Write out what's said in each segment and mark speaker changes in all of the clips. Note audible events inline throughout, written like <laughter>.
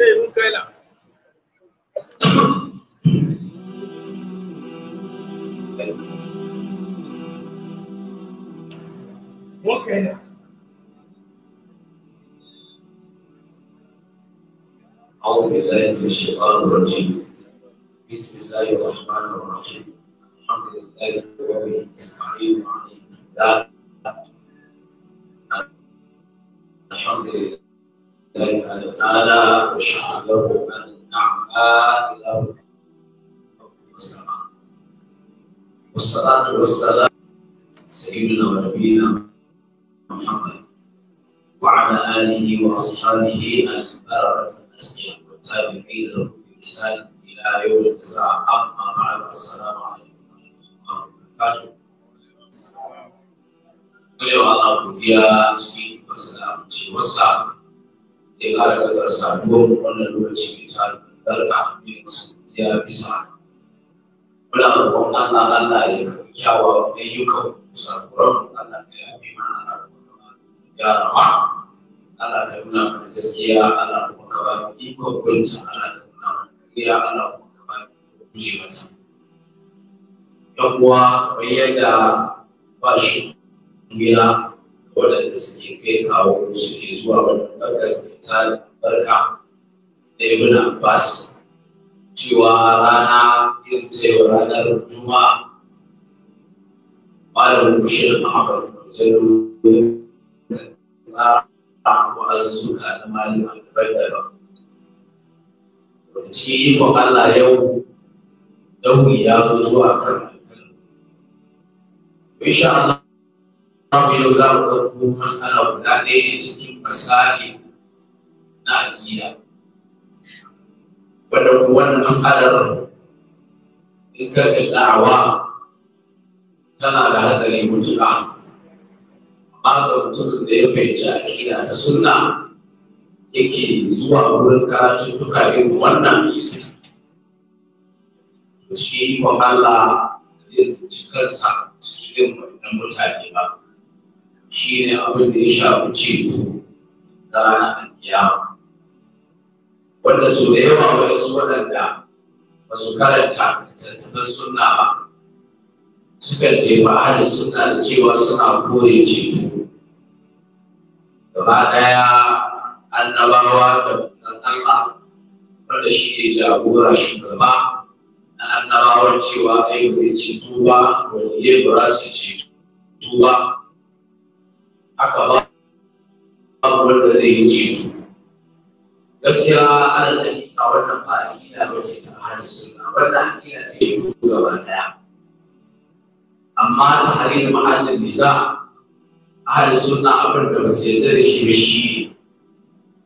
Speaker 1: يقول كلا وكلا أعوذ بالله من الشيطان الرجيم بسم الله الرحمن الرحيم الحمد لله وبه نستعين الحمد لله الله تعالى وشرع له ان نعمل الى السماء والصلاه والسلام سيدنا ونبينا محمد وعلى اله واصحابه البرره الاسمياء والتابعين له باحسان الى يوم الجزاء اما بعد السلام عليكم ورحمه الله وبركاته Mulai Allah godiya cikin wasu da amincewarsa da ya kara saduwar wannan lokaci mai tsari barka yin ya bisa muna roƙon Allah Allah ya fi kyawawan ayyukan sabuwar Allah ka yafe mana ya rama Allah ka nuna mana gaskiya Allah kuma ka ba mu ikon binta Allah ka nuna mana gaskiya Allah kuma ka ba mu guje mata yan uwa kamar yadda ba shi wuya waɗanda suke kai kawo suke zuwa wannan suke ta barka da ibn abbas cewa rana irin ta yau ranar juma'a malamin bashir muhammad jalu tsara suka na malama daban-daban cikin ikon allah yau dauri ya zo zuwa kan alkalin insha allah babu yau za mu ɗauko matsala guda ɗaya cikin masali na aƙida wadda wani matsalar ita ka da'awa tana da hatsari mutuƙa amma ga mutumin da ya fahimci aƙida ta suna yake zuwa wurin tuka irin wannan to shi ikon Allah zai cikarsa kansa cikin irin mutane ba shi ne abin da ya shafi ceto na ranar alkiyama wanda sau da yawa waɗansu waɗanda ba su karanta littattafan suna ba sukan jefa ahalin suna da cewa suna kore ceto gaba ɗaya annabawa da manzan Allah wanda shi ne jagora shugaba na annabawar cewa ai ba zai ceto ba wani ba za su ceto haka babu wanda zai yi ceto gaskiya ana tafiya wannan ba aƙida ba ce ta hansu
Speaker 2: wannan aƙida
Speaker 1: ce ta gaba ɗaya. amma ta halin mahallin nisa ahal suna abin da yarda da shi ba shi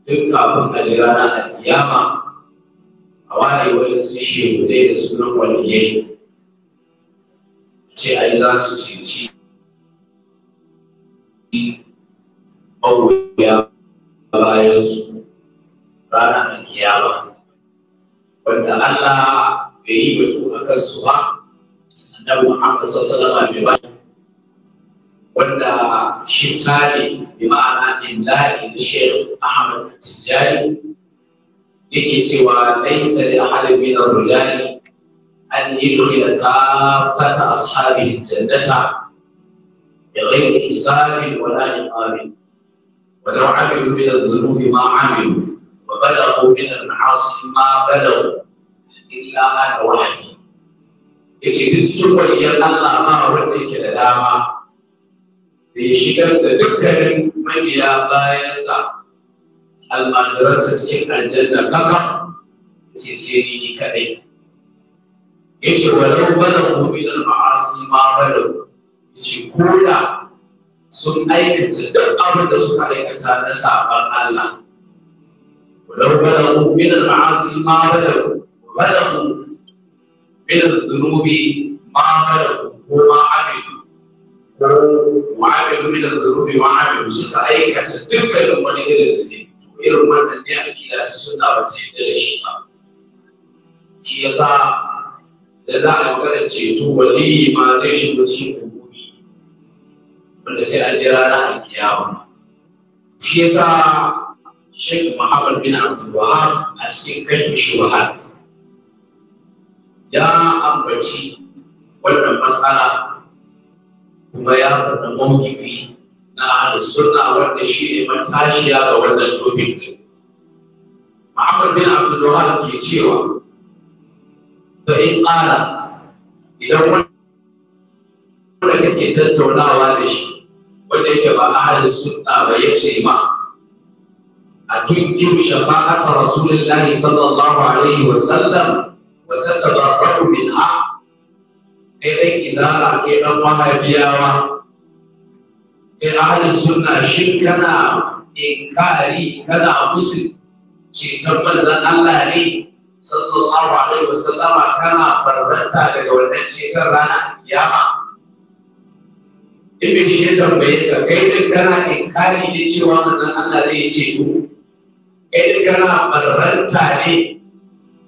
Speaker 1: tun kafin a rana a alkiyama a waye wajen su shehudai da sunan waliyai ce ai za su cinci mawuya bayan su ranar kiyama wanda Allah bai yi batu a kansu ba annabi Muhammad sallallahu alaihi wasallam wanda shi tare bi ma'ana illahi na Sheikh Ahmad Tijani yake cewa laysa li ahadin min ar-rijali an yudkhila kaffata ashabihi jannata bi ghayri hisabin wala iqabin ولو عملوا من الذنوب ما عملوا وبلغوا من المعاصي ما بلغوا
Speaker 2: إلا أنا وحدي
Speaker 1: yace da cikin waliyar Allah ba wanda yake da dama bai shigar da dukkanin mabiya bayansa almajiransa cikin aljanna kaka sai sai ni ni kadai yace ko da sun aikata duk abin da suka aikata na sabon Allah. Walau balagu min al-ma'asi ma balagu, balagu min al-dhunubi ma balagu ko ma abidu. Ko ma'abidu min al-dhunubi suka aikata dukkanin wani irin zunubi. To irin wannan ne akida ta sunna ba ta yadda da shi ba. Shi yasa da za a magana ceto waliyi ma zai shigo cikin wanda sai an jira alkiya kiyama shi yasa Sheikh Muhammad bin Abdul Wahab a cikin kashfu shubuhat ya ambaci wannan matsala kuma ya faɗa mawkifi na al sunna wanda shi ne matashiya ga wannan topic din Muhammad bin Abdul Wahab ke cewa to in ƙara idan wanda kake tattaunawa da shi wanda yake ba a ahalin sunna ba ya ce ma a tunki shafa'ata rasulullahi sallallahu alaihi wa sallam wa tattabarraku minha kai dan izara kai dan wahabiyawa kai ahalin sunna shin kana inkari kana musu ceton manzon Allah ne sallallahu alaihi wa sallama kana barbanta daga wannan ceton ranar kiyama Ibn shi ya tambaye ka kai din kana inkari ne cewa manzon Allah zai yi ceto kai din kana barranta ne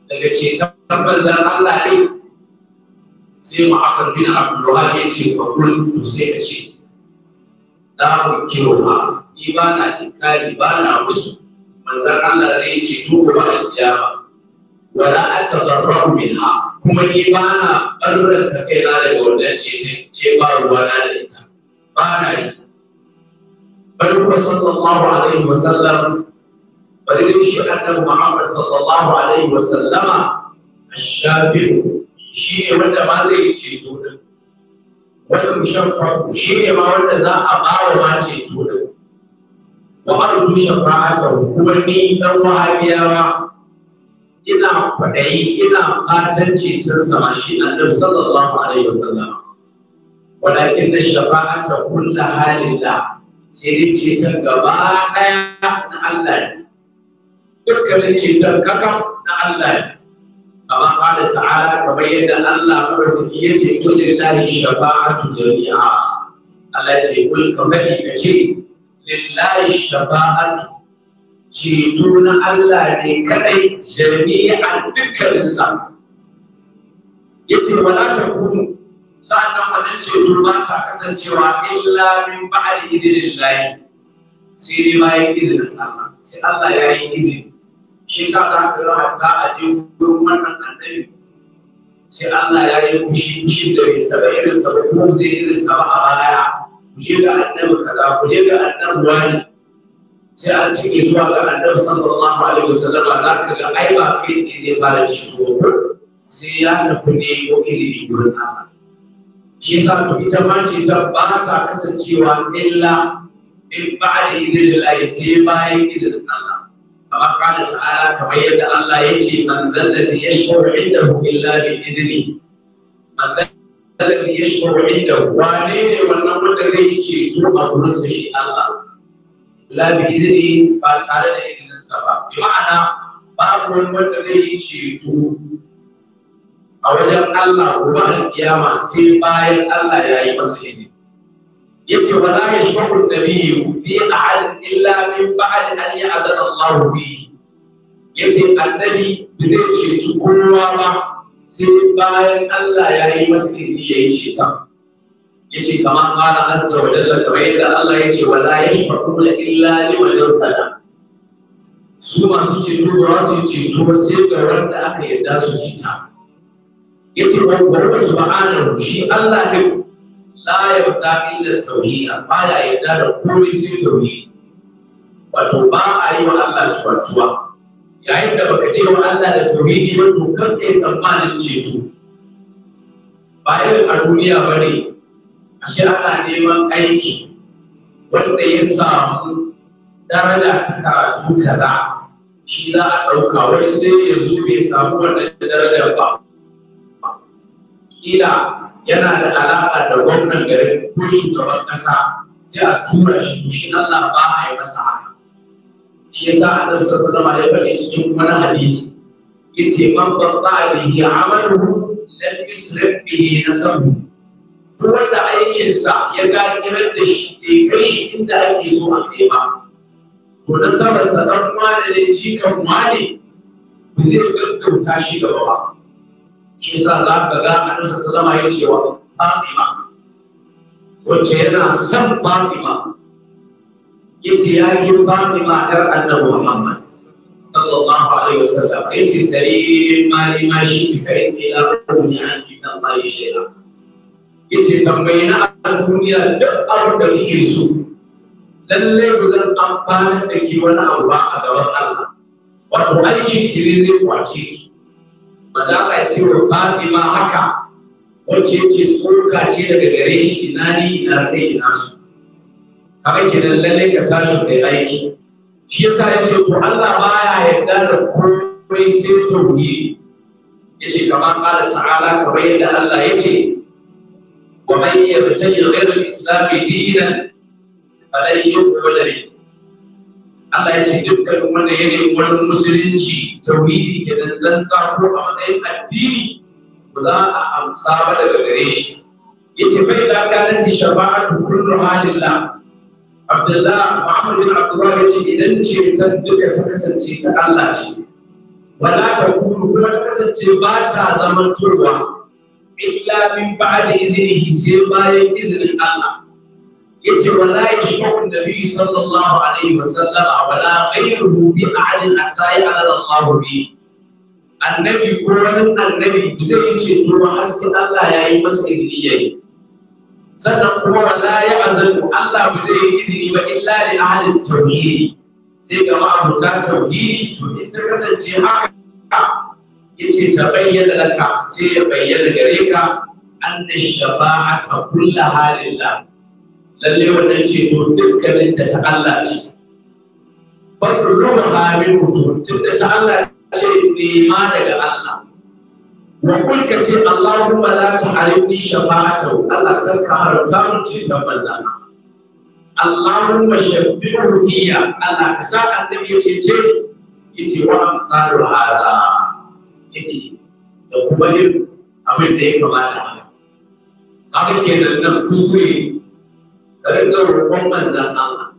Speaker 1: daga ceton manzon Allah ne sai ma'akar bin Abdullahi ya ce ba kullum to sai ka ce ku mukiru ma ni ba na inkari ba na musu manzon Allah zai yi ceto ba al-qiyama wala atadarrahu minha kuma ni ba na barranta kaina da wannan ceton ce ba ruwa na da ita ba na yi barkuwa sallallahu alaihi wa sallam, bari shi annabi muhammad sallallahu alaihi wa wasallama ashabiru shi ne wanda ma zai yi ceto din wani mushafaku shi ne ma wanda za a bawa ma ceto din wa arju shafa'atahu kuma ni dan wahabiyawa ina kwaɗayi ina fatan cetonsa, ma shi annabi sallallahu alaihi wa wasallam walakin da shafa'ata kulla halillah sai dai ceton gaba ɗaya na Allah ne dukkanin ceton kaka na Allah ne amma kada ta'ala kamar yadda Allah ya ce to lillahi shafa'atu jami'a Allah ce kul kamar ka lillahi ceto na Allah ne kadai jami'a dukkaninsa yace wala sa'annan wannan ceto ba ta kasancewa illa min ba'ad idinin layi sai dai yi izinin Allah sai Allah ya yi izini shi sa za ka ga ta a jirgin wannan annabi sai Allah ya yi kushi kushi da bai taɓa irin sa ko zai irin sa a baya ku je ga annabi kaza ku je ga annabi wani sai an cike zuwa ga annabi sallallahu alaihi wasallam za ka ga ai ba kai zai ba da shi sai ya tafi ne ko izini gurin Allah shi yasa to ita ma ce ta ba ta kasancewa illa in ba da izinin Allah sai bayan izinin Allah kamar kana ta'ala kamar yadda Allah ya ce man zalladhi yashkuru indahu illa bi idni man zalladhi yashkuru indahu wane ne wannan wanda zai ce to a gurin sa shi Allah la bi idni ba tare da izinin sa ba bi ma'ana babu wani wanda zai ce to a wajen Allah da alkiyama sai bayan Allah ya yi masa izini yace wala yashfa'u nabiyyu fi ahad illa min ba'd a ya'dana Allah Ya ce annabi ba zai ceci kowa ba sai bayan Allah ya yi masa izini ya yi ceta ce kamar qala azza wa jalla kamar yadda Allah yace wala da illa liman tsada. su masu ceto ba su ceto sai ga wanda aka yarda su cita yace wa su subhanahu shi Allah ne la yarda illa tauhida ba ya yarda da komai sai tauhidi wato ba a yi wa Allah cuwa-cuwa yayin da baka je wa Allah da tauhidi ba to kan kai tsammanin ceto ba irin a duniya ba ne ashe ana neman aiki wanda ya samu daraja ta karatu kaza shi za a ɗauka wani sai ya zo bai samu wannan darajar ba kila yana da alaƙa da gwamnan garin ko shugaban ƙasa sai a tura shi to shi Allah ba a yi masa haka shi yasa annabi sallallahu alaihi ya faɗi cikin wani hadisi yace man batta bihi Amadu, lam yusrif bihi nasabu duk wanda aikinsa ya kiran da shi bai kai shi inda ake so a kai ba to nasabarsa dan wane ne kan wane ba zai gaggauta shi gaba ba shi yasa za ka ga annabi sallama ya ce wa Fatima wacce yana son Fatima yace ya yi Fatima ɗar annabi Muhammad sallallahu alaihi wasallam yace sari ma ni ma shi tika inni la aqni anki kan Allah shay'a yace tambayi na a duniya duk abin da kike so lallai ku zan amfanar da ke wani abu ba a gaban Allah wato aikin ki ne zai kwace ki mazala ce wa fatima haka wacce ce tsoka ce daga gare shi ina ni ina ina su haka kenan lallai ka tashi da aiki shi yasa ya ce to Allah baya yarda da komai sai tauhidi ya ce kamar Allah ta'ala kamar yadda Allah ya ce wa man yabtaji ghayra al-islam dinan falan yuqbal Allah ya ce dukkanin wanda ya nemi wani musulunci tauhidi kenan zan ko a matsayin addini ba za a amsa ba daga gare shi Ya da fa idza kanat shafa'atu kullu halillah Abdullah Muhammad bin Abdullah ce idan ce ta duka ta kasance ta Allah ce wala ta kuru kuma ta kasance ba ta zaman illa min ba'da iznihi sai bayan izinin Allah yace wallahi da nabi sallallahu alaihi wasallama wala ghayruhu bi a'lin atai ala Allah bi annabi ko wani annabi zai ce to har sai Allah ya yi masa izini yayi sannan kuma wala ya azabu Allah ba zai yi izini ba illa li ahlin tauhidi sai ga ma'abuta tauhidi to in ta kasance haka yace ta bayyana laka sai ya bayyana gare ka anna shafa'ata kullaha lalle wannan ceto dukkanin ta ta Allah ce farko ruwa amin mutum tun ta Allah ce nema daga Allah wa kulka ce Allahumma la ta'alini shafa'atu Allah kar ka haramta mu ceton manzan Allahumma shabbihu hiya Allah sa annabi ya ce ce yace wa amsalu haza yace da kuma irin abin da ya kamata kaga kenan nan kuskure ka rinka roƙon manzan Allah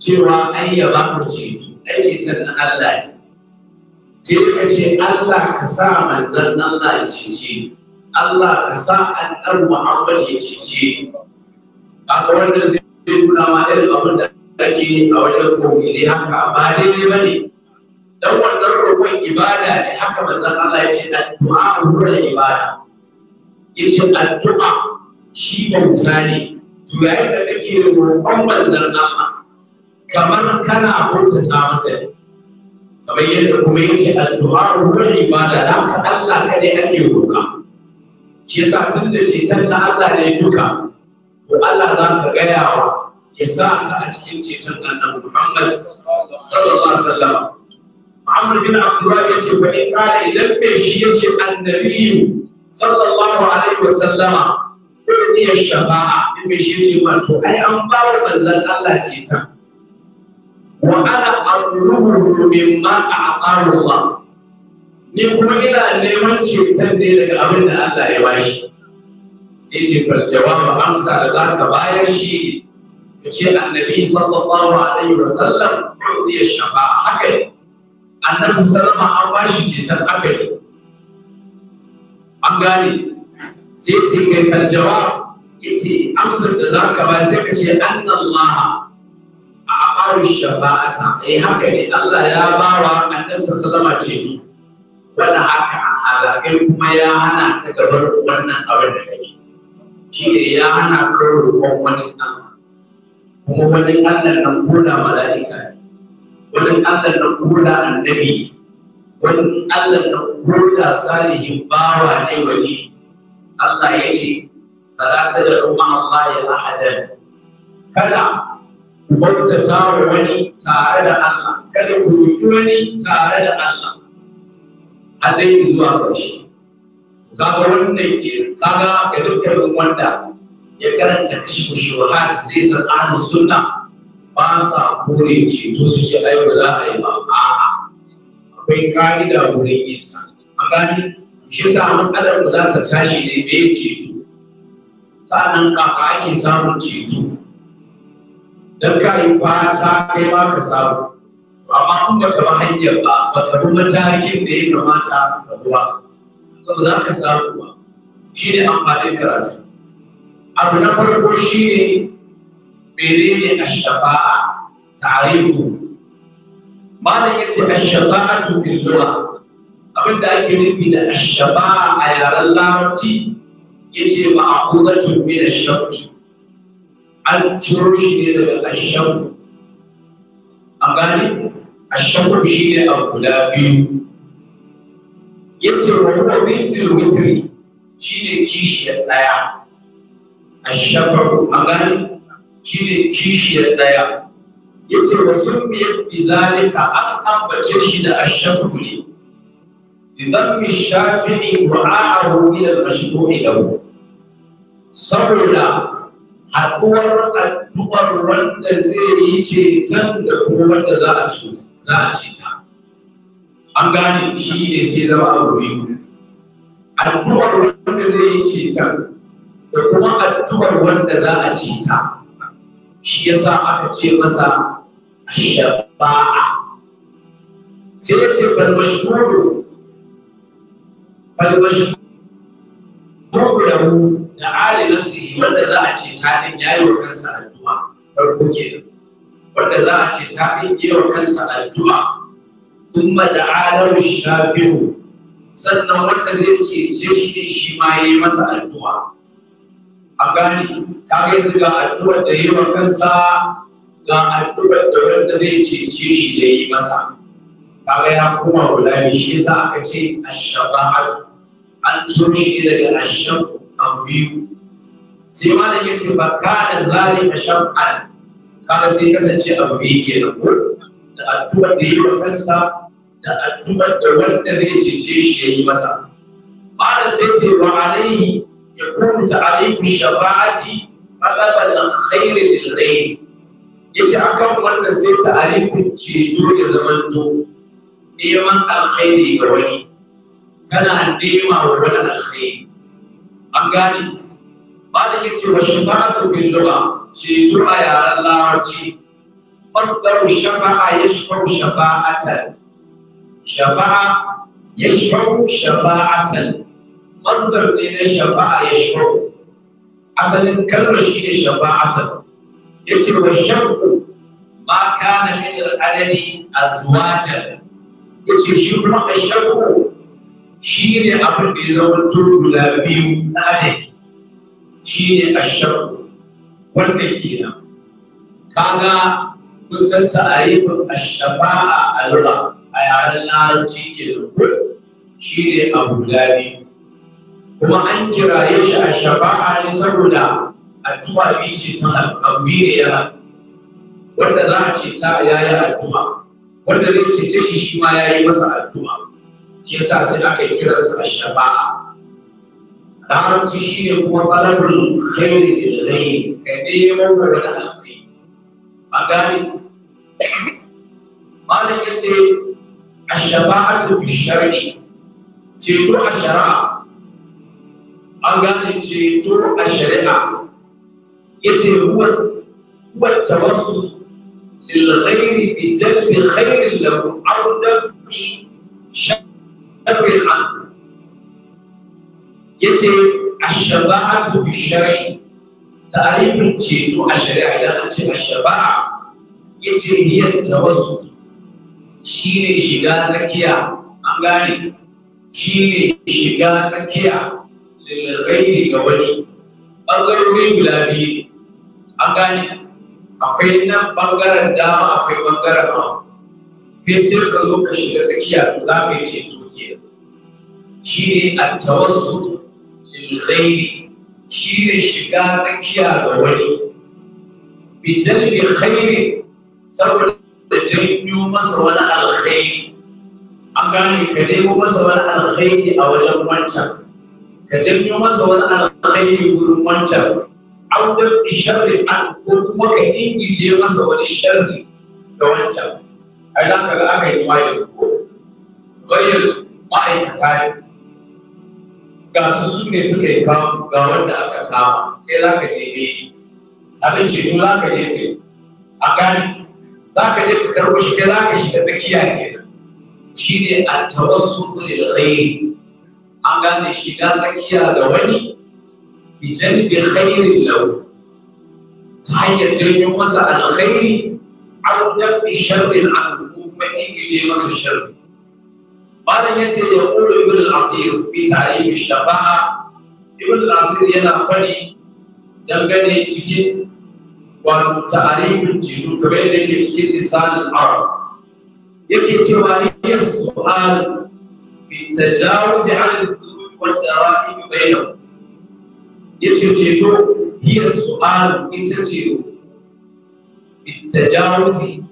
Speaker 1: cewa ai yi ba mu ceto ai ceton na Allah ne sai ka ce Allah ka sa manzan Allah ya cece Allah ka sa annabi Muhammad ya cece kaga wannan zai nuna ma irin abin da ake a wajen kogile haka ba daidai ba ne dan wannan roƙon ibada ne haka manzan Allah ya ce addu'a wurin ibada Ya ce addu'a shi bauta ne yayin da kake roƙon manzon Allah kamar kana ta masa ne kamar yadda kuma yake addu'a wurin ibada da haka Allah ka kadai ake roƙa shi yasa tun da ceton na Allah ne duka to Allah za ka gaya wa ya sa ka a cikin ceton annabi Muhammad sallallahu alaihi wasallam Muhammad bin Abdullah ya ce fa in kana idan me shi ya ce annabi sallallahu alaihi wasallama ko ya shafa'a mai shi ce ma to ai an ba wa manzan Allah ce ta wa ana amruhu mimma a'amalla ni kuma ina neman cutar ne daga abin da Allah ya bashi sai ce fal ma amsa da za zaka bayar shi ya ce annabi sallallahu alaihi wasallam ya shafa a haka annabi sallama an bashi cutar haka an gane sai ce kai fal yace amsar da zaka ba sai ka ce annallaha a amaru shafa'ata eh haka ne Allah ya bawa annabi sallama ceto wanda haka an halakai kuma ya hana ta gabar wannan abin da kake shi ne ya hana ka roƙon wani Allah kuma wani Allah nan koda mala'ika wani Allah nan koda annabi wani Allah nan koda salihin bawa ne wani Allah ya ce فلا تدعوا مع الله احدا كلا وانت تاوني تارد الله كلا كويوني تارد الله hadai zuwa ƙarshe kaga wannan ke kaga ga dukkanin wanda ya karanta kashfu shuhat zai san ahlus sunna ba sa kore ceto su ce ai za a yi ba a'a akwai ka'ida wurin yin sa a matsalar za ta tashi ne me ceto Sannan ka ake samun ceto don ka yi fata kai ba ka samu amma kun ba ka hanyar ba ba ka bi matakin da ya kamata ka ruwa ba za ka samu ba shi ne amfanin karatu abu na farko shi ne menene ashafa'a tarihu malam ya ce a shafa'a tukin abin da ake nufi da a shafa'a a yaren larabci yace ma'khudatun min ash-shaqq an ciro shi ne daga ash A an gane ash shi ne a guda biyu yace wa huwa dintul witri shi ne kishiyar ɗaya. ash-shaqq an gane shi ne kishiyar daya yace wa sunniyat bi zalika an ambace shi da ash-shaqq ne idan bi ni wa'a'ahu a'a al-mashru'i lahu saboda haɗuwar addu'ar wanda zai yi ceton da kuma wanda za a za a ceta an gane shi ne sai zama a wuri addu'ar wanda zai yi ceton da kuma addu'ar wanda za a ceta shi yasa aka ce masa shafa'a sai ya ce falmashkuru falmashkuru da mu da alilin su wanda za a ce ta ɗin ya yi wa kansa addu'a farko ke wanda za a ce ta ɗin ya yi wa kansa addu'a sun da alamu shafihu sannan wanda zai ce ce shi ne shi ma ya yi masa addu'a a gani ta kai su ga addu'ar da ya yi wa kansa ga addu'a da wanda zai ce ce shi ne ya yi masa kaga ya koma gulami shi yasa aka ce ashabahatu an so shi daga ashabu abu biyu sai ma da yake ba kana zalika shar'an kaga sai kasance abu biyu kenan ku da addu'ar da yi wa kansa da addu'ar da wanda zai cece shi ya yi masa da sai ce wa alaihi ya kuma ta'arifu shafa'ati da khairin lil Ya yace akan wanda sai ta'arifin ceto ya zamanto neman alkhairi ga wani kana nema wa wani alkhairi an gane malam yace wa shafa'atu bil lugha ceto a yaren larabci masdaru shafa'a yashfa'u shafa'atan shafa'a yashfa'u shafa'atan masdar ne na shafa'a yashfa'u asalin kalmar shi ne shafa'atan yace wa shafa'u ma kana min al-adadi azwajan yace shi kuma shafa'u shi ne abin da ya zama turgula biyu na ne shi ne a ashabu wannan kenan kaga kun san a ashaba'a a lura a yaren larabci ke da shi ne abu dabi kuma an kiraye shi a ashaba'a ne saboda addu'a bi ce ta abu ne ya wanda za a ce ta yayi addu'a wanda zai cece shi shi ma yayi masa addu'a shi yasa sai aka yi kiransa shaba'a Karanci shi ne kuma ɓararrun jairi da lalai ka neman wani alfai. A gane, Malam ya ce, a shaba shaba'atu bi shari'i, ceto a shari'a, an gane ceto a shari'a, ya ce huwa tawassu lil ghairi bi jalbi khairin lahu aw dafi shari'a. ɗaurin hannu ya ce ashaba'atu fi shari'i tarihin ceto a shari'a idan an ce ashaba'a ya ce niyyar tawassu shi ne shiga tsakiya an gane shi ne shiga tsakiya lalarai ga wani ɓangarori guda biyu gane akwai nan ɓangaren dama akwai ɓangaren kai sai ka zo ka shiga tsakiya to za ka yi ceto ke shi ne a tawassu lilkhairi shi ne shiga tsakiya ga wani bi jalbi khairi saboda janyo masa wani alkhairi an gane ka nemo masa wani alkhairi a wajen wancan ka janyo masa wani alkhairi wurin wancan an wani sharri an ko kuma ka ingije masa wani sharri ga wancan ai za ka ga aka yi ma yanzu ko wai yanzu ma'aikata ne ga su su ne suka yi kamu ga wanda aka kama kai za ka je ne abin ceto za ka je ne a gani za ka je ka karɓo shi kai za ka shiga tsakiya ne shi ne a tawassu lil ghairi an gane shiga tsakiya da wani bi jalbi khairin lahu ta hanyar janyo masa alkhairi an dafi sharrin an kuma ingije masa sharri malam ya ce ya ƙulu ibn al-asir fi tarihi shabaha ibn yana fari dangane cikin wato tarihin jitu game da yake cikin lisanin arab yake cewa ya su'al bi ceto hiya su'al ita ce tajaruzi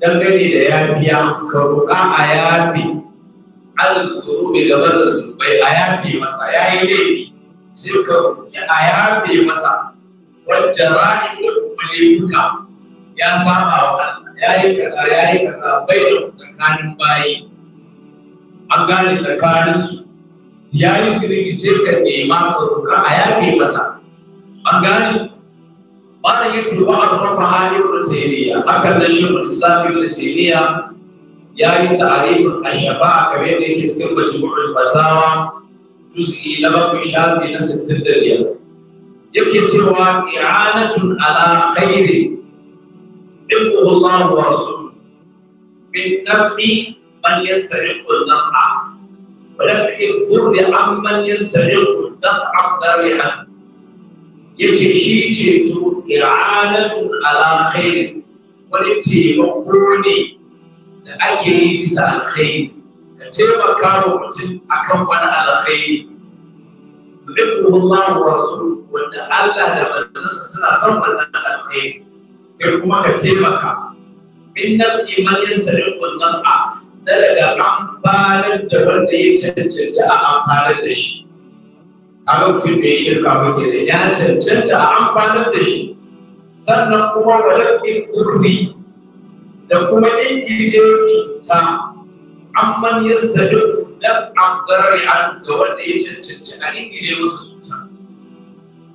Speaker 1: dangane da yafiya ka roƙa a yafi alzuru bai gaba da zunubai a yafe masa ya yi laifi sai ka roƙi a yafe masa wadda ra'ayi da ya saba wa ya yi kaza ya yi kaza bai da tsakanin bayi an gane su, ya yi zunubi sai ka nema ka roƙa a yafe masa an gane malam ya tuba a rufa halin rutaniya hakan na shi islam ibn taymiya ya yi ta'arifin ashafa'a kamar yadda yake cikin majmu'ul fatawa juz'i na bakwai shafi na sittin da biyar yake cewa i'anatun ala khairi yuhibbuhu Allah wa rasuluhu min naf'i man yastahiqqu an-naf'a wa an yudhri amman yastahiqqu an-naf'a dari'an ce shi ceto i'anatun ala khairi wani taimako ne da ake yi bisa alkhairi ka taimaka wa mutum akan wani alkhairi yuhibbuhu Allah wa wanda Allah da manzansa suna son wannan alkhairi kai kuma ka taimaka min nafi man yastariqu an-naf'a daga amfanar da wanda ya cancanci a amfanar da shi a lokacin da ya shirka muke da ya cancanta a amfanar da shi sannan kuma da rafin gurbi da kuma ingijin cuta amman ya sadu dan amdari an ga wanda ya cancanci a ingije masa cuta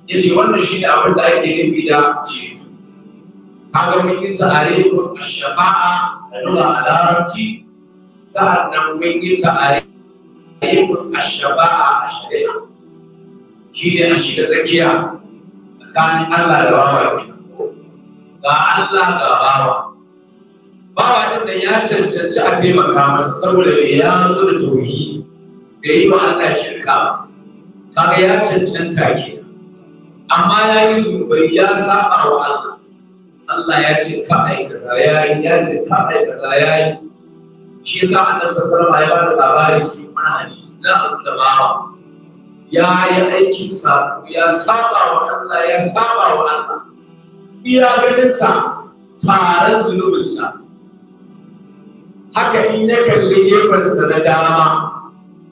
Speaker 1: ya ce wannan shi ne abin da ake nufi da ceto kaga mun yi ta'are ko shafa'a da nuna a larabci sa'an nan mun yi ta'are ko shafa'a a shari'a shi ne a shiga tsakiya tsakanin Allah da bawa ke ga Allah ga bawa bawa din da ya cancanci a taimaka masa saboda me ya zo da tauhi da yi wa Allah shirka kaga ya cancanta ke amma ya yi zubai ya saba wa Allah Allah ya ce ka aikata ya yi ya ce ka aikata ya yi shi yasa annabi sallallahu alaihi ya ba da labari shi mana hadisi za a zuba bawa ya yi aikin sa ya saba wa Allah ya saba wa Allah iya ganin sa taron zunubinsa haka in ya kalli sa na dama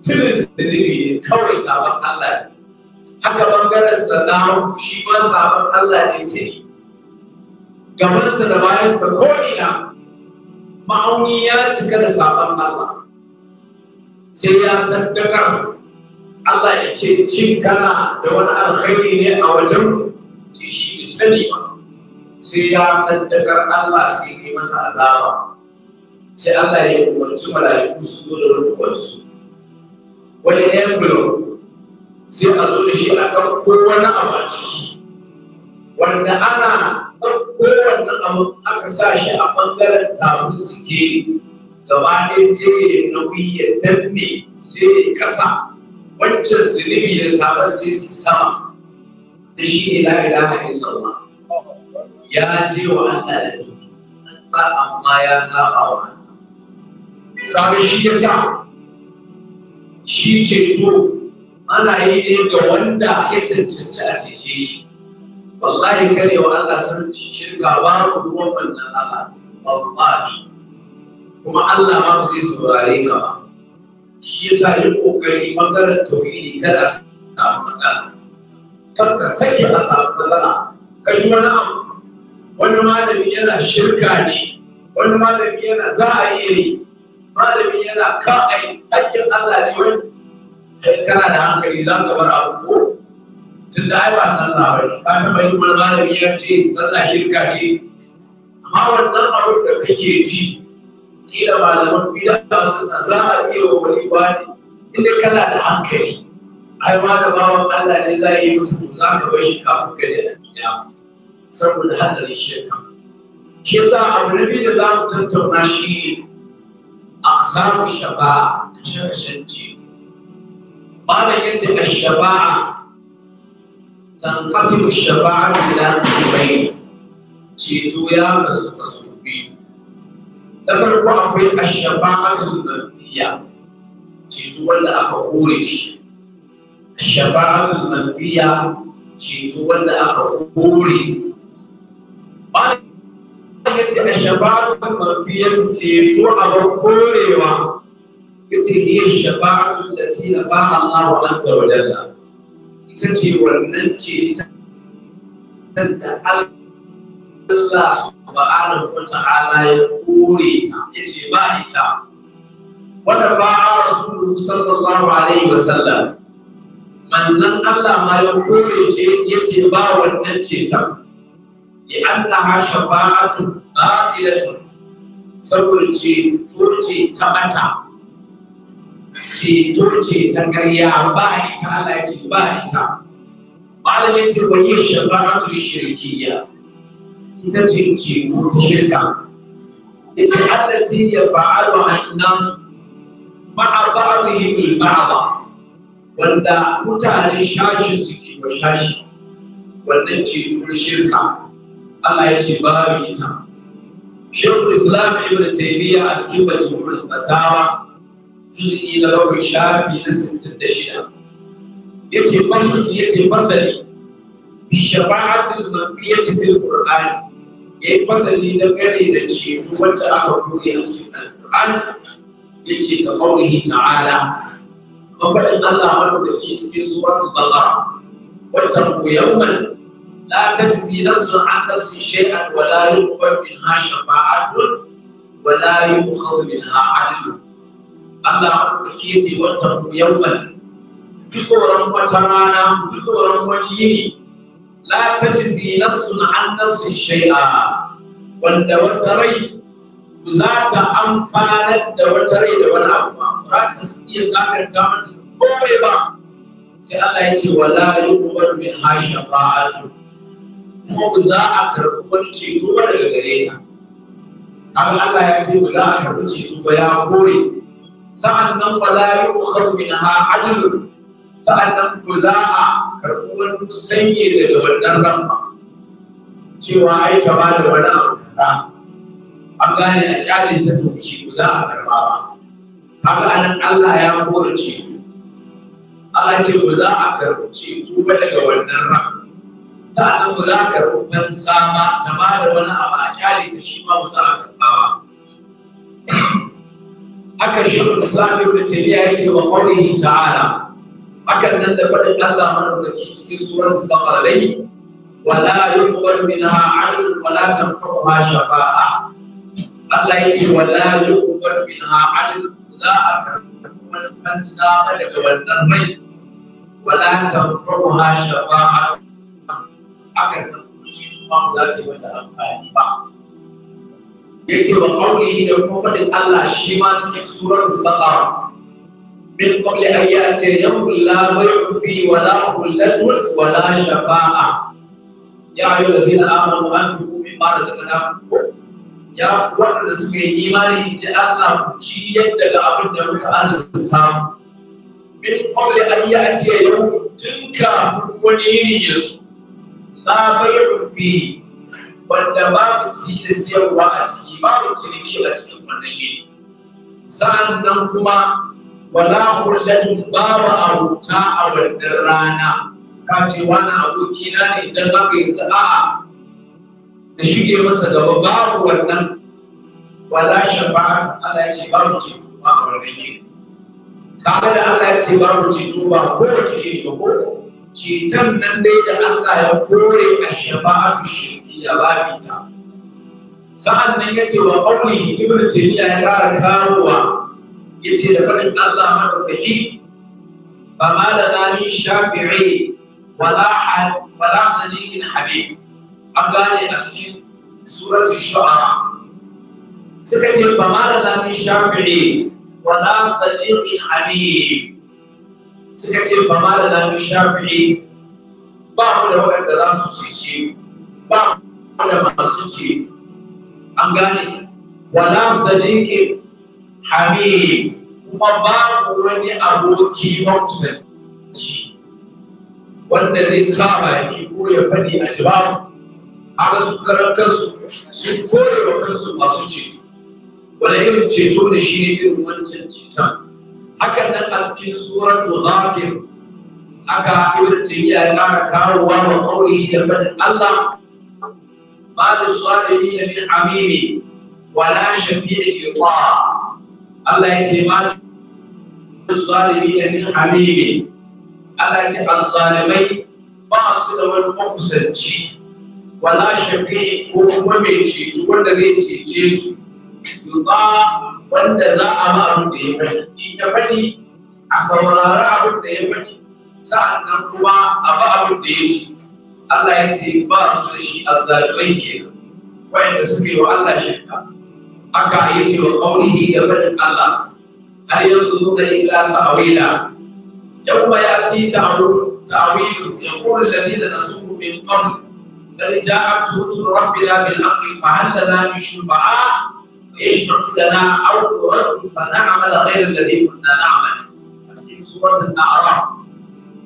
Speaker 1: tilin zunubi ne kawai sabon Allah ne haka sa na shi ma sabon Allah ne Gaban sa da bayan sa ko ina ma'auni ya cika da sabon Allah sai ya san Allah ya ce cin kana da wani alkhairi ne a wajen ce shi sani ba sai ya saddakar Allah sai ya masa azaba sai Allah ya umarci mala'iku su zo da rukunsu wani envelope sai a zo da shi a ɗauko wani abu ciki wanda ana ɗauko wannan abu aka sa shi a ɓangaren tafin suke gaba ɗaya sai ya nauyi ya danne sai ya kasa wancan zunubi da samar sai su sama da shi ne la ilaha illallah ya je wa Allah da tuki tsantsa amma ya saba wa Allah kaga shi ya sa shi ceto ana yi ne ga wanda ya cancanci a cece shi wallahi kare wa Allah sun ci shirka ba ruwan manzan Allah wallahi kuma Allah ma ba zai saurare ka ba shi ya sa yi kokari bangaren tauhidi kada a samu matsala kan ka sake a samu matsala ka ji wani abu wani malami yana shirka ne wani malami yana za a iya yi malami yana ka a yi hakkin Allah ne wani eh, kana da hankali za ka bar abu ko tun da ai ba sallah ba ne ka taɓa yi wani malami ya ce sallah shirka ce amma wannan abin da kake ji kila malaman bid'a suna za a iya wa wani bani inda kana da hankali ai ma da bawan Allah ne za a yi musu to za ka bar shi kafin ka je alkiyama saboda hadarin shirka shi yasa abu na biyu da za mu tattauna shi a samu shaba'a a shirashen ceto malam ya ce a shaba'a tanqasimu shaba'a ila qismayn ceto ya kasu kasu na farko akwai ashafa'atul manfiya ceto wanda aka kore shi ashafa'atul manfiya ceto wanda aka kore ba ya ce ashafa'atul manfiya ceto aka korewa yace hiya shafa'atul lati nafa'a Allah azza wa jalla ita ce wannan ce ta da Allah Allah subhanahu wa ta'ala ya kore ta ya ce ba ita wanda ba a rasulu sallallahu alaihi wa sallam manzan Allah ma ya kore ce ya ce ba wannan ce ta Ya li annaha shafa'atu batilatun saboda ce turce ta bata ce turce ta karya ba ita Allah ce ba ita malamin ce wani shafa'atu shirkiyya ita ce ceto ta shirka ya ce allati ya fa'alu annasu ma'a ba'dihim al ba. wanda mutanen shashin suke wa shashi wannan ceto na shirka Allah ya ce babu ita Shekul Islam Ibn Taymiyyah a cikin Majmu'ul Fatawa juz'i na shafi na shida shafa'atil manfiyati fil Qur'an ya yi fasali na gane da ceto wacce aka buɗe a cikin alƙur'an ya ce ga ƙaunihi ta'ala mafaɗin Allah maɗaukaki cikin suratul baqara watan ku yawman la tajzi nafsun an nafsin shay'an wa la yuqbal minha shafa'atun wa la min ha 'adlun Allah maɗaukaki ya ce wata ku yawman ji tsoron wata rana ji tsoron wani yini la tajzi nafsun an nafsin shay'a wanda wata rai za ta amfana da wata rai da wani abu ba za ta iya sakar ta mana komai ba sai Allah ya ce wala yuqbal min a hashafa'atu kuma ku za a karɓi wani ceto ba daga gare ta haka Allah ya ce ku za a karɓi ceto ba ya kore sa'an nan wala yuqbal min ha'adlu sa'annan ku za a karɓi wani sanyi daga wannan ramma cewa ai ta ba da wani abu kaza an gane a kyalin ta taushi ku za a karɓa ba haka anan Allah ya kora ceto Allah ce ku za a karɓi ceto ba daga wannan ramma sa'annan ku za a karɓi wani sama ta ba da wani abu a kyalin ta shi ba ba za a karɓa ba haka shi Islam ibn Taymiyyah ya ce wa qawlihi ta'ala hakan nan da faɗin Allah madaukaki cikin suratul baqara dai wala yuqbal minha adl wala ma shafa'a Allah ya ce wala yuqbal minha adl za a karɓi wani kansa daga wannan rai wala ma shafa'a hakan nan kuma za ta mata amfani ba ya ce wa ƙaunihi da kuma faɗin Allah shi ma cikin suratul baqara min qabli an ya'ti yawmun la bay'un fi wa la khullatun wa la shafa'a ya ayu ladina amanu anfiqu mimma razaqnakum ya wanda suka yi imani in ji Allah ku ci yadda ga abin da muka azurta min qabli an ya'ti wanda babu siya siyarwa a ciki babu ciniki a cikin wannan gini, sa'an nan kuma wala hullatun babu abuta a wannan rana ka ce wani aboki na ne dan haka yanzu a'a da shige masa gaba babu wannan wala shafa'a Allah ya ce babu ceto ba a wannan yini kaga da Allah ya ce babu ceto ba ko wace iri ba ko ceton nan dai da Allah ya kore a shafa a shafa'atu shirkiya babu ita sa'an nan ya ce wa ƙauli ibn taymiya ya ƙara kawowa yace da faɗin Allah madaukaki ba ma da nani shafi'i wala hal wala sadiqin habib an gane a cikin suratul shu'ara suka ce ba ma da nani shafi'i wala sadiqin habib suka ce ba ma da nani shafi'i ba mu da waɗanda za su cece ba mu da masu ce an gane wala sadiqin hamid kuma babu wani aboki makusanci wanda zai sa baki ko ya faɗi a jawabu haka su kansu su kore wa kansu masu ceto wani irin ceto ne shi ne irin wancan ceton hakan nan a cikin suratu ghafir haka ibn tayyiya ya kara kawowa wa qawlihi da fadin Allah ba da salihin min amimi wala shafi'in yuta Allah ya ce ma zalimi da min hamimi Allah ya ce azzalimai ba su da wani makusanci wala shafi ko kuma mai ceto wanda zai cece su yuba wanda za a ma abin da ya faɗi ya faɗi a saurari abin da ya faɗi sa'annan kuma a ba abin da ya ce Allah ya ce ba su da shi azzalimai kenan wanda suka yi wa Allah shirka Maka ia cuba kaulihi kepada Allah. Hari yang sungguh dari ilah ta'wila. Yang bayati ta'wil, ta'wil, yang pun lebih dan sungguh min qam. Dari jahat tuhusul Rabbila bin Aqim, fahal lana yushubah, yishmat lana awdur, fana amal ghayr ladhi kunna na'amal. Masjid surat al-Na'arah.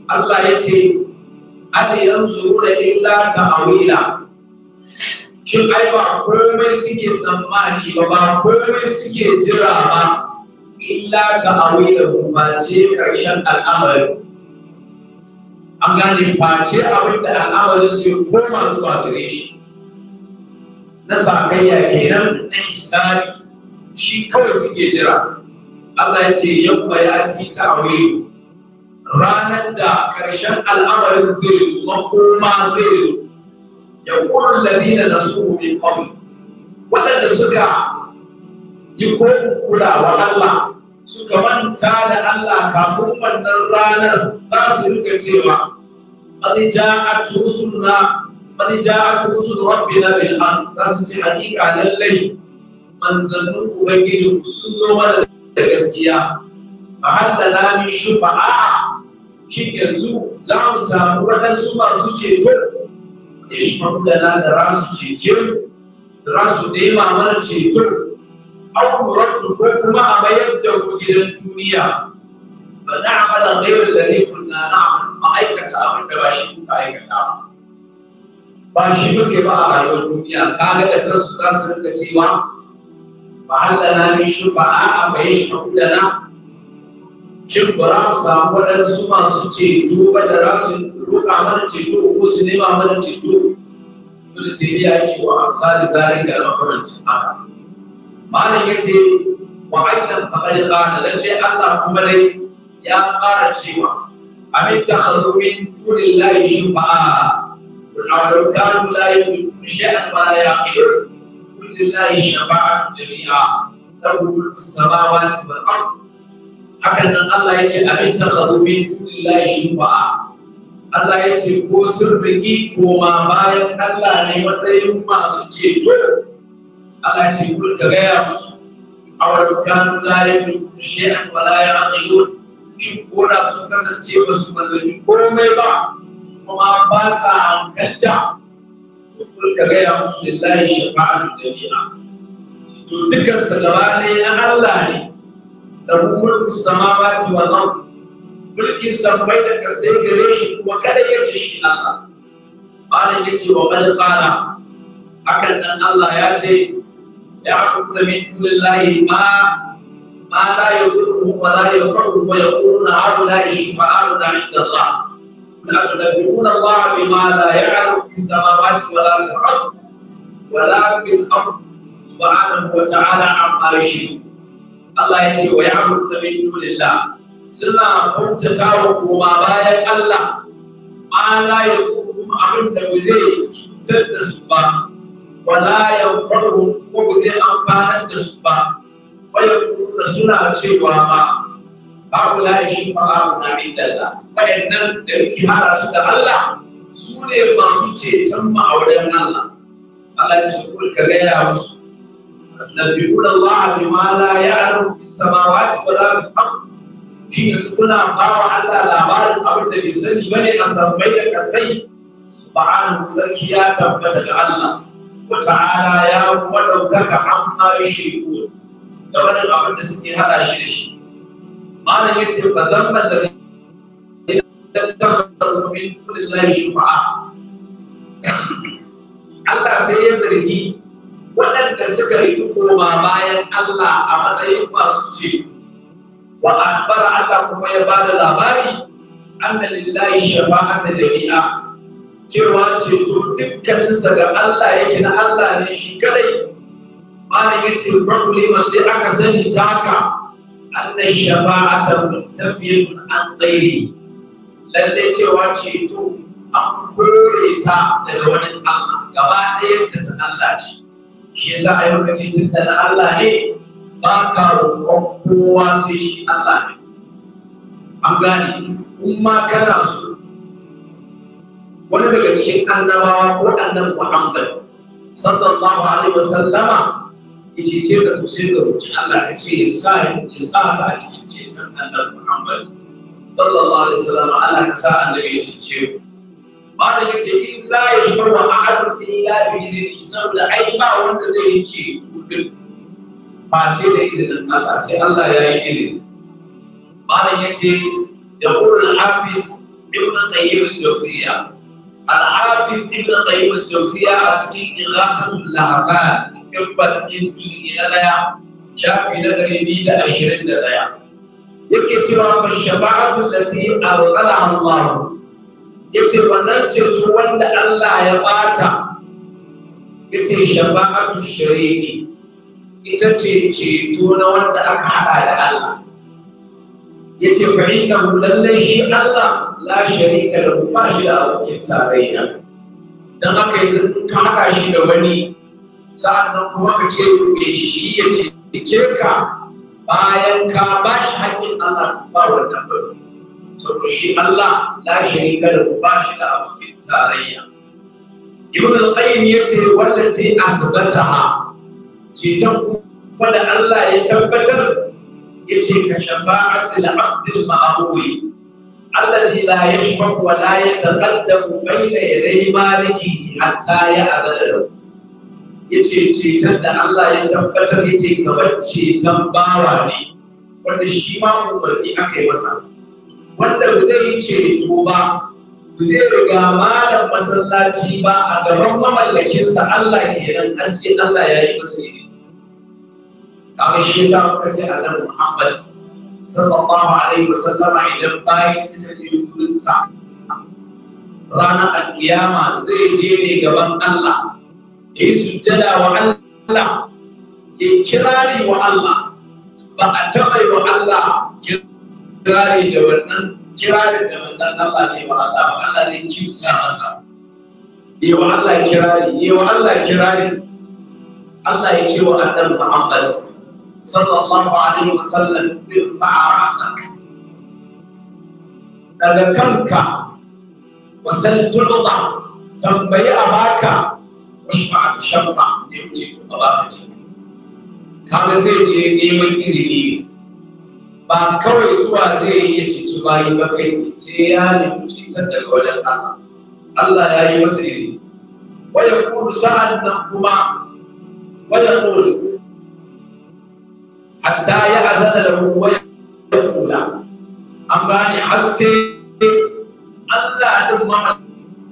Speaker 1: Allah ya cuba, hari yang sungguh dari ilah ta'wila. Allah ya cuba, shin ai ba komai suke tsammani ba ba komai suke jira ba illa ta awi da face ƙarshen al'amari an gane face abin da al'amarin zai koma zuwa gare shi na sakayya kenan na hisabi shi kawai suke jira Allah ya ce yamma ya ci ta ranar da ƙarshen al'amarin zai zo makoma zai zo يقول الذين نسوه من قبل ولن سكا يكون كلا Allah, suka manta da Allah kafin wannan ranar za su rika cewa qad ja'at rusuluna qad ja'at rusul rabbina za su ce hakika lallai manzannin ubangiji sun zo mana da gaskiya fa halala min shufa'a shi yanzu za mu samu waɗansu masu ceto ya fangana da rasu ceton da rasu nema mana ceton aukurar ko kuma a mayar da ku gidan duniya ba na amala gairar da ne kunna na ma'aikata abin da ba shi kuka aikata ba shi muke ba a rayuwar duniya kaga da kansu za su rinka cewa ba hallana ne shi a bayan shi shin ba za mu samu waɗansu masu ceto ba da za su roƙa mana ceto ko su nema mana ceto wani tiri ya ce wa amsali zarin ga makamancin haka malam ya ce wa annan faɗar ƙana lalle Allah kuma dai ya ƙara cewa amin ta harumin dunin layi shi kuma shi كانوا لا يملكون شيئا ولا يعقلون قل لله الشفاعة جميعا له ملك السماوات والأرض hakan nan Allah ya ce abin ta faru min shi shufa'a Allah ya ce ko sun ko ma bayan Allah ne matsayin masu ceto Allah ya ce kun ka gaya musu awal kanu la yamliku shay'an wa la yaqilun shin ko da sun kasance ba su mallaki komai ba kuma ba sa hankalta kun ka gaya musu lillahi shafa'atu jami'a to dukkan salama ne na Allah ne lahu mulku samawati wal ard mulkin sammai da kasai gare shi kuma kada yake shi Allah Bani yace wa bal qala hakan nan Allah ya ce ya hukum min dunillahi ma ma la yadurruhum wa la yanfa'uhum wa yaquluna haula shufa'a'una 'inda Allah la tunabbihuna Allah bima la ya'lamu fis samawati wa la fil ard wa la fil ard subhanahu Allah ya ce wa ya'budu min dunillah suna kuntata wa koma bayan Allah ma la yakum abin da ba zai cutar da su ba wa la yanfa'u ko ba zai amfanar da su ba wa yakuna suna cewa ma haula shi fa'u na ya nan da muke hada su da Allah su ne masu ceton ma'auren Allah Allah ya ce kulka gaya musu تنبئون الله بما لا يعلم في السماوات ولا في الارض shi yanzu kuna ba Allah labarin abin da bai sani ba ne a sammai da kasai subhanahu sarki ya tabbata ga Allah wa ta'ala ya kuma ɗaukaka amma shirku da wannan abin da suke hada shi da shi malam yace fa zamban da da Allah sai ya zargi waɗanda suka yi koma bayan Allah a matsayin masu ce wa akhbara Allah kuma ya ba da labari anna lillahi shafa'ata jami'a cewa ceto dukkaninsa ga Allah yake na Allah ne shi kadai malam ya ce masu sai aka sani ta haka anna shafa'ata tun an tsaye lalle cewa ceto an kore ta daga wani Allah gaba ɗayan ta ta Allah ce shi yasa a lokacin tun da na Allah ne ba ka roƙon kowa sai shi Allah ne an gane in ma kana so wani daga cikin annabawa ko annabi Muhammad sallallahu alaihi wa sallama yace ce ka kusa ga roƙi Allah ya ce ya sa ya ka a cikin ceton annabi Muhammad sallallahu alaihi wa sallama Allah ka sa annabi ya cece ku ba ta ga ce in za ya shi farwa a arziki ya fi zai fi saboda ai ba wanda zai yi ce tukul ba ce da izinin Allah sai Allah ya yi izini ba ta ce da ƙurin hafiz ibn tayyibin tausiya al-hafiz ibn tayyibin tausiya a cikin ilahatul lahaba kafa cikin tusiri na daya shafi na ɗari biyu da ashirin da daya yake cewa fashaba'atul lati arzala Allah ya ce wannan ceto wanda Allah ya bata ya ce shafa'atu shari'i ita ce ceto na wanda aka haɗa da Allah ya ce fa inna lallai shi Allah la sharika lahu ba shi da abokin tarayya dan haka yanzu in ka haɗa shi da wani sa'annan kuma ka ce me shi ya ce ka bayan ka ba shi haƙƙin Allah ba wannan batu saboda shi Allah la sharika da ba shi da abokin tarayya ibn al-qayyim yace wallati athbataha ce ta kuma da Allah ya tabbatar ce ka shafa'atil abdil ma'rufi الذي لا يشفع ولا يتقدم بين يدي مالكه حتى يأذن له yace cetar da Allah ya tabbatar yace kamar ceton bawa ne wanda shi ma umarni aka yi masa wanda ba zai yi ceto ba ba zai riga malam masallaci ba a gaban mamallakinsa Allah ke nan aske Allah ya yi masa izini kamar shi yasa muka ce annabi Muhammad sallallahu alaihi wasallam idan bayi suka je wurin sa ranar alkiyama zai je ne gaban Allah ya yi sujjada wa Allah ya kirari wa Allah ba a taɓa wa Allah ya gane da wannan kirarin da wannan Allah zai wa Allah ba Allah zai kimsa masa yi wa Allah kirari yi wa Allah kirari Allah ya ce wa annabi Muhammad sallallahu alaihi wa sallam bin ba'arasak daga kanka wa sal tu'ta tambayi a baka wa shafa'atu shafa ne ce to ba ka ce kaga zai je neman izini ne ba kawai zuwa zai iya ya yi bayi ba kai sai ya nemi cutar daga wajen Allah Allah ya yi masa izini waya kuru sa'an nan kuma waya kuru hatta ya adana da mu waya kula an gane har sai Allah din ma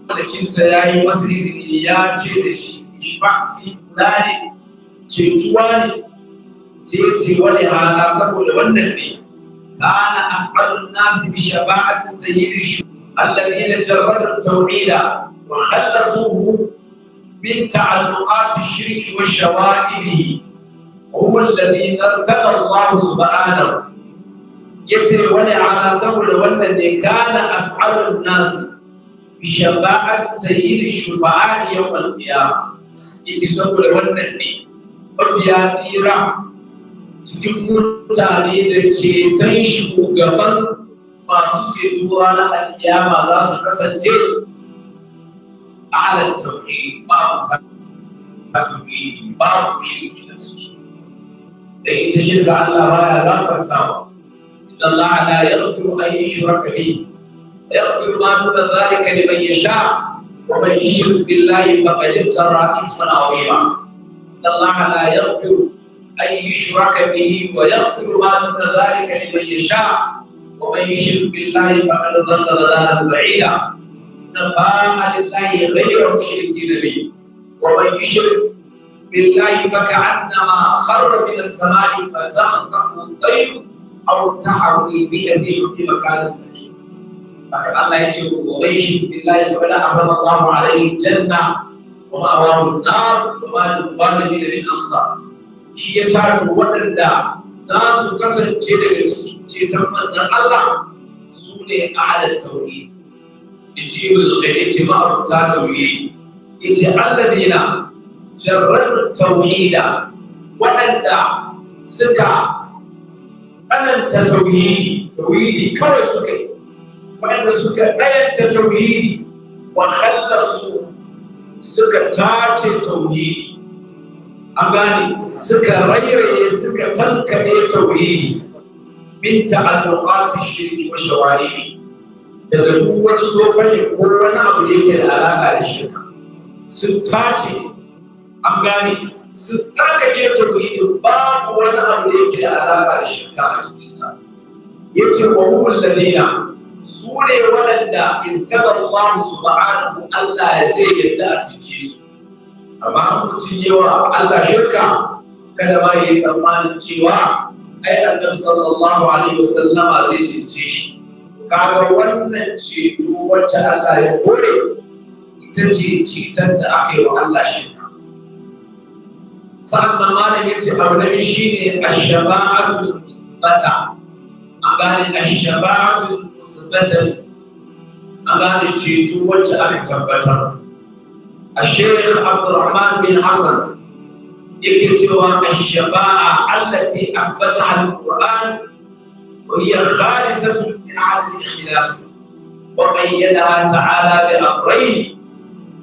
Speaker 1: malakinsa ya yi masa izini ya ce da shi ishfaqi kula ne cetuwa ne sai ya ce wani hala saboda wannan ne كان أسعد الناس بشفاعة السيد الشهود الذين جردوا التوحيد وخلصوه من تعلقات الشرك وشوائبه هم الذين ارتقى الله سبحانه يتي ولعلى سول والذي كان أسعد الناس بشفاعة سيد الشفعاء يوم القيامة يتي سول والذي وفي هذه رحمة cikin mutane da ke ceton shugaban masu ceto na alkiyama za su kasance a halar tauri babu tauri babu shirki da ciki da ita shirka Allah ba ya gafartawa inna Allah la yaghfiru an yushraka bihi yaghfiru ma duna dhalika liman yasha wa man yushrik billahi faqad iftara isman 'azima inna Allah la yaghfiru أن يشرك به ويغفر ما دون ذلك لمن يشاء ومن يشرك بالله فقد ضل ضلالا بعيدا نفاء لله غير مشركين به ومن يشرك بالله فكأنما خر من السماء فتخطفه الطير أو تحوي بيده في مكان سليم فقد الله يشرك ومن يشرك بالله فقد أحرم الله عليه الجنة وما أراه النار وما للظالمين من أنصار shi ya sa to waɗanda za su kasance daga cikin ceton manzan Allah su ne ahalar tauri in ji ibn zukai ce ma'abuta tauri ya ce Allah allazina jarratu tauhida waɗanda suka tsananta tauhidi tauhidi kawai suka yi waɗanda suka ɗayanta tauhidi wa hallasu suka tace tauhidi an gane suka rairaye suka tankare tauhidi min ta'alluqati shirki wa shawari'i daga duk wani sofani ko wani abu da yake da alaka da shirka sun tace an gane sun tsarkake tauhidi babu wani abu da yake da alaka da shirka a cikinsa yace wa hul ladina su ne waɗanda in tabar Allah subhanahu Allah ya zai yadda a cikin su amma mutum yawa Allah shirka kada ma yi tsammanin cewa ai annabi sallallahu alaihi wasallama zai cece shi kaga wannan ceto wacce Allah ya kore ita ce ceton da aka yi wa Allah shirka sa'an nan malam ya ce abu na shine ash-shafa'atu musbata a gane ash-shafa'atu musbata a gane ceto wacce aka tabbatar الشيخ عبد الرحمن بن حسن يكتب الشفاعة التي أثبتها القرآن وهي خالصة من أعلى الإخلاص وقيدها تعالى بأمرين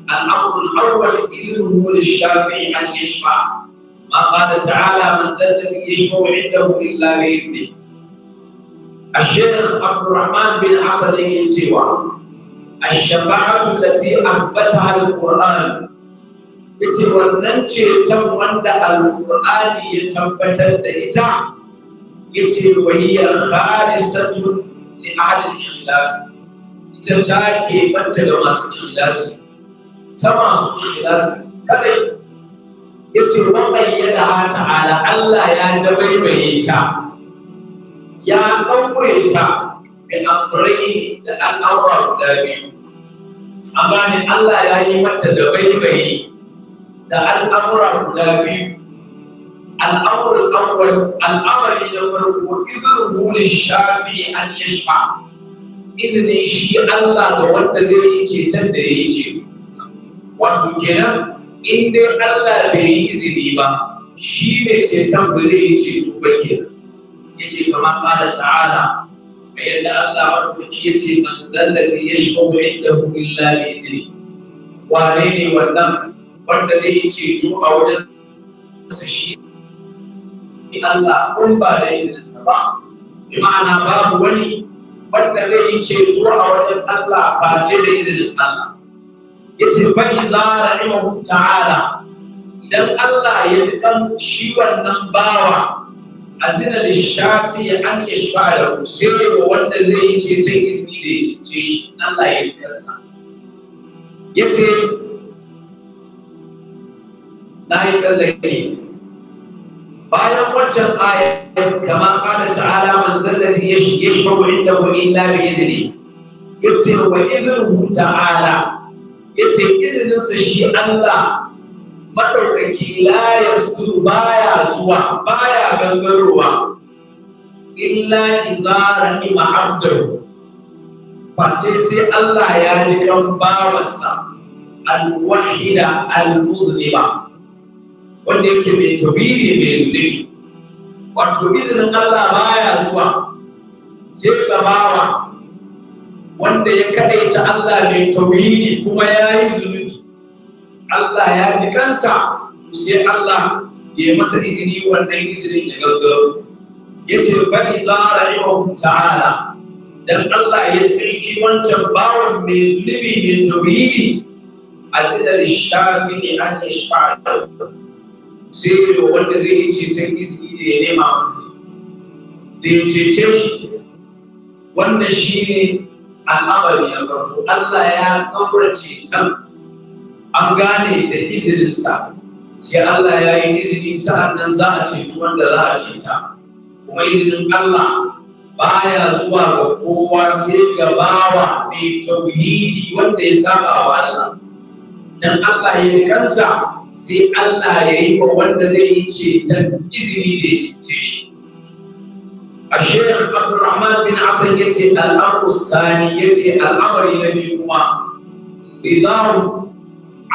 Speaker 1: الأمر الأول إذنه للشافع أن يشفع ما قال تعالى من ذا الذي يشفع عنده إلا بإذنه الشيخ عبد الرحمن بن حسن يكتب الشفاعة التي أثبتها القرآن yace wannan ta wanda alƙur'ani ya tabbatar da ita Ya ce yace wahiya khalisatun li ahli ikhlas ita ta ke banta da masu ikhlas ta masu ikhlas kadai yace wa qayyada ta'ala Allah ya dabaibaye ta ya kaure ta al'amurai da al'amura guda biyu amma ne Allah ya yi mata da bai-bai da al'amura guda biyu al'amurin awwal al'amari na farko izinin hulun shafi an ya shafa izinin shi Allah da wanda zai yi ceton da ya yi ceto wato kenan in dai Allah bai yi izini ba shi mai ceton ba zai yi ceto ba kenan ya ce kamar Allah ta'ala فإن الله ya من ذا الذي يشفع عنده إلا بإذنه وعليه والنم wanda zai yi ceto a wajen sa shi Allah kun ba da izinsa ba bi ma'ana babu wani wanda zai yi ceto a wajen Allah ba ce da izinin Allah yace fa ta'ala idan Allah ya ji kan shi bawa A azina lishafi an yashfa da sai wa wanda zai yi ceton izini da ya cece shi Allah ya yi yarsa yace na yi tsallake bayan wancan aya kama kada ta'ala man zallati yashfa'u kuma illa bi idni yace wa idnuhu ta'ala yace izinin sa shi Allah maɗaukaki la ya baya zuwa baya gangarowa illa izara ima abdur face sai Allah ya ji kan bawansa alwahida almuzlima wanda yake mai tawili mai zunubi wato izinin Allah baya zuwa sai ga bawa wanda ya kadaita Allah mai tawili kuma ya yi zunubi Allah ya ji kansa sai Allah ya masa izini wannan izinin ya gaggaro ya ce fa iza rahimahu ta'ala dan Allah ya tsirki wancan bawan mai zunubi mai tauhidi shafi ne an yashfa'a sai ya wanda zai yi ceton izini da ya nema masa da ya cece shi wannan shine al'amari na farko Allah ya kaura ceton an gane da izininsa sai Allah ya yi izini sa'an nan za a ceci wanda za a ceta kuma izinin Allah baya zuwa ga kowa sai ga bawa mai tauhidi wanda ya saba wa Allah idan Allah ya yi kansa sai Allah ya yi wa wanda zai yi ceton izini da ya cece shi الشيخ عبد الرحمن بن عسل يتي الأمر الثاني يتي الأمر النبي كما رضاه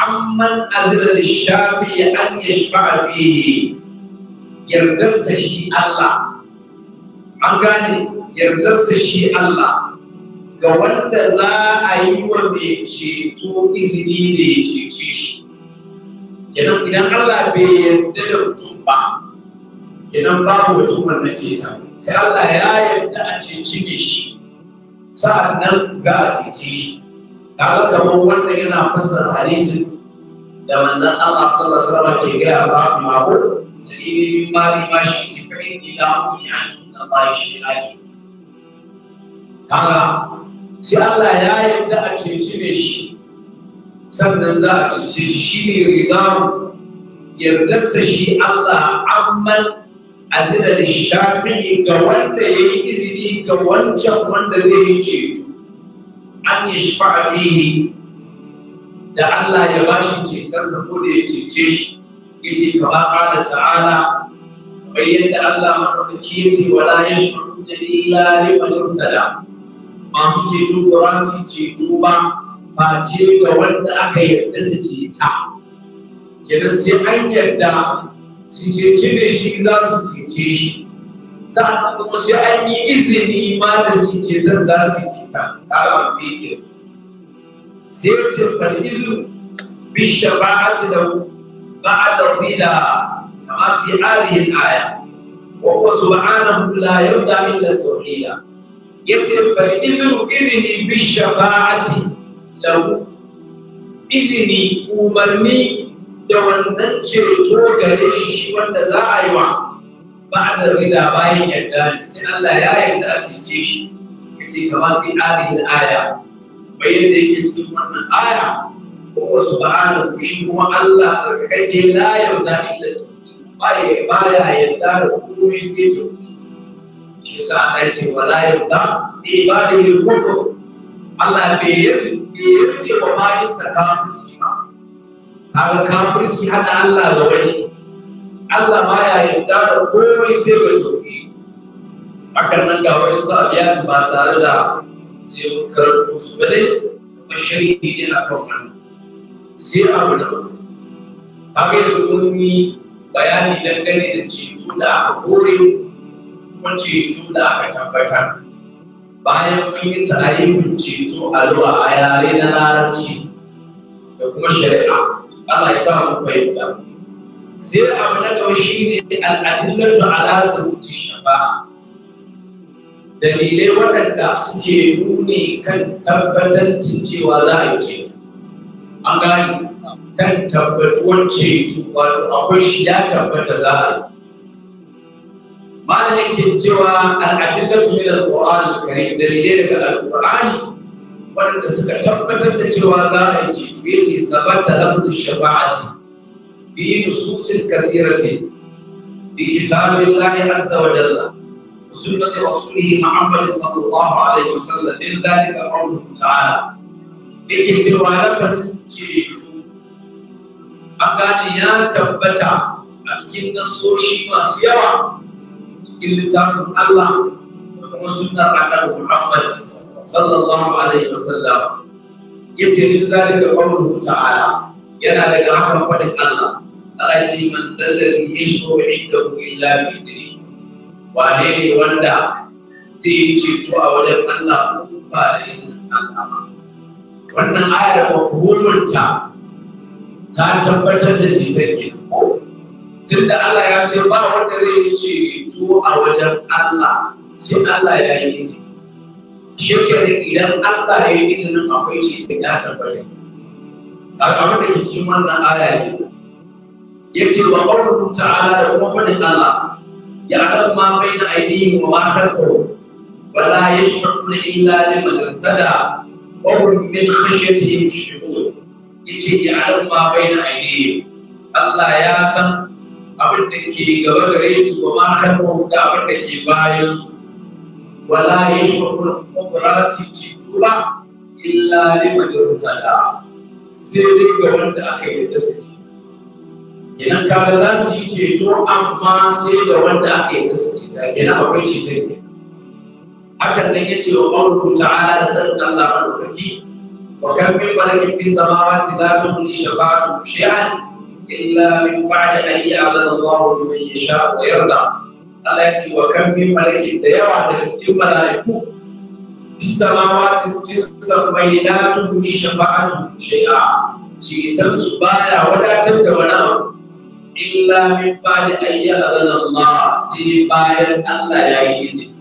Speaker 1: amman azira lishafi an yashfa fihi yardarsa shi Allah an gane yardarsa shi Allah ga wanda za a yi wa mai ceto izini da ya cece shi kenan idan Allah bai yarda da mutum ba kenan babu mutum wannan ceton sai Allah ya yarda a cece ne shi sa'an nan za a cece shi kaga kamar wanda yana fassara hadisin da manzan Allah sallallahu alaihi wasallam ke gaya ba ma'u sai min bari ma shi ci kai ila mu ya na ba shi ake kaga sai Allah ya yarda a cece ne shi sannan za a cece shi shine riga yardarsa shi Allah amman azina da shafi'i ga wanda ya yi izini ga wancan wanda zai yi ceto an yi shafa'a fihi da Allah ya bashi cetonsa ko da ya cece shi ya ce kama ƙada ta'ala kamar yadda Allah mafarki ya ce wala ya shi da illa liman yurtada masu ceto ba su ceto ba ba ce ga wanda aka yarda su ceta kenan sai an yarda su cece ne shi za su cece shi sa'an kuma sai an yi izini ma da su ceton za su ceta ta, ga da sai ya ce fa'il bi shafa'ati lahu ba'da rida kama fi hadhihi al-aya wa huwa subhanahu la yabda illa tawhida yace fa'il izini bi shafa'ati lahu izini umarni da wannan ceto gare shi shi wanda za a yi wa ba'da rida bayan yarda sai Allah ya yarda a shi aya kamar yadda yake cikin wannan aya kuma subhanahu shi kuma Allah tsarkake la yarda illa baya baya yarda da komai sai ta shi sa ana ce wa la yarda ni ba da yin kufur Allah bai yarda ba bayan sa kafirci ba kaga kafirci hada Allah ga wani Allah ya yarda da komai sai ga tauhidi Akan nan ga wani sa ba tare da sai mun karanto su ba dai kuma sharhi ne a kan wannan sai abu da haka yanzu mun yi bayani dangane da ceto da aka kore kuma ceto da aka tabbatar bayan mun yi tarihin ceto a zuwa a yare na da kuma shari'a ya sa mu fahimta sai abu na gaba shi ne al'adillatu ala sabuti dalilai waɗanda suke nuni kan tabbatar cewa za a yi ceto an gani kan tabbatuwar ceto wato akwai shi ya tabbata za a yi malamin ke cewa al'adun lafiya al-qur'an al-karim dalilai daga al-qur'ani waɗanda suka tabbatar da cewa za a yi ceto ce sabata lafzu shafa'ati fi nususin kathiratin bi kitabillahi azza wa jalla وسنة رسوله محمد صلى الله عليه وسلم من ذلك قوله تعالى yake cewa lafazin ceto an gane ya tabbata a cikin nasoshi masu yawa cikin littafin Allah da kuma sunnar annabi Muhammad sallallahu alaihi wasallam yace min zalika qawluhu ta'ala yana daga hakan fadin Allah Allah ya ce man dalladhi yashfa'u 'indahu illa bi idhnihi wane ne wanda zai yi ceto a wajen Allah ba da izinin Allah wannan ayar mafhumunta ta tabbatar da shi take tun tunda Allah ya ce ba wanda zai yi ceto a wajen Allah sai Allah ya yi izini shi idan Allah ya yi izinin akwai ceto ya tabbatar a kamar da ke cikin wannan aya ne ya ce ba ƙaunar ta'ala da kuma faɗin Allah يعلم ما بين أيديهم وما خلفهم ولا يشفعون إلا لمن ارتدى وهم من خشيته مشفقون يجي يعلم ما بين أيديهم الله ياسم abin da ke gaba gare su ba ma da abin da ke bayan su wala ya shi kuma ba za su tura illa liman da sai dai ga wanda aka yi da su kenan kaga za su yi ceto amma sai da wanda aka yi su ceta kenan akwai ceton ke hakan nan ya ce wa ƙwarku ta'ala da tsarin Allah maɗaukaki wa kan min malakin fi samawati ta tughni shafa'atu shay'an illa min ba'da an ya'lamu Allahu liman yasha wa yarda Allah ya ce wa kan min malakin da yawa daga cikin mala'iku السماوات تسمى لا تغني su ba ya wadatar da wani abu. illa min ba'di ayya adana Allah sai bayan Allah ya yi izini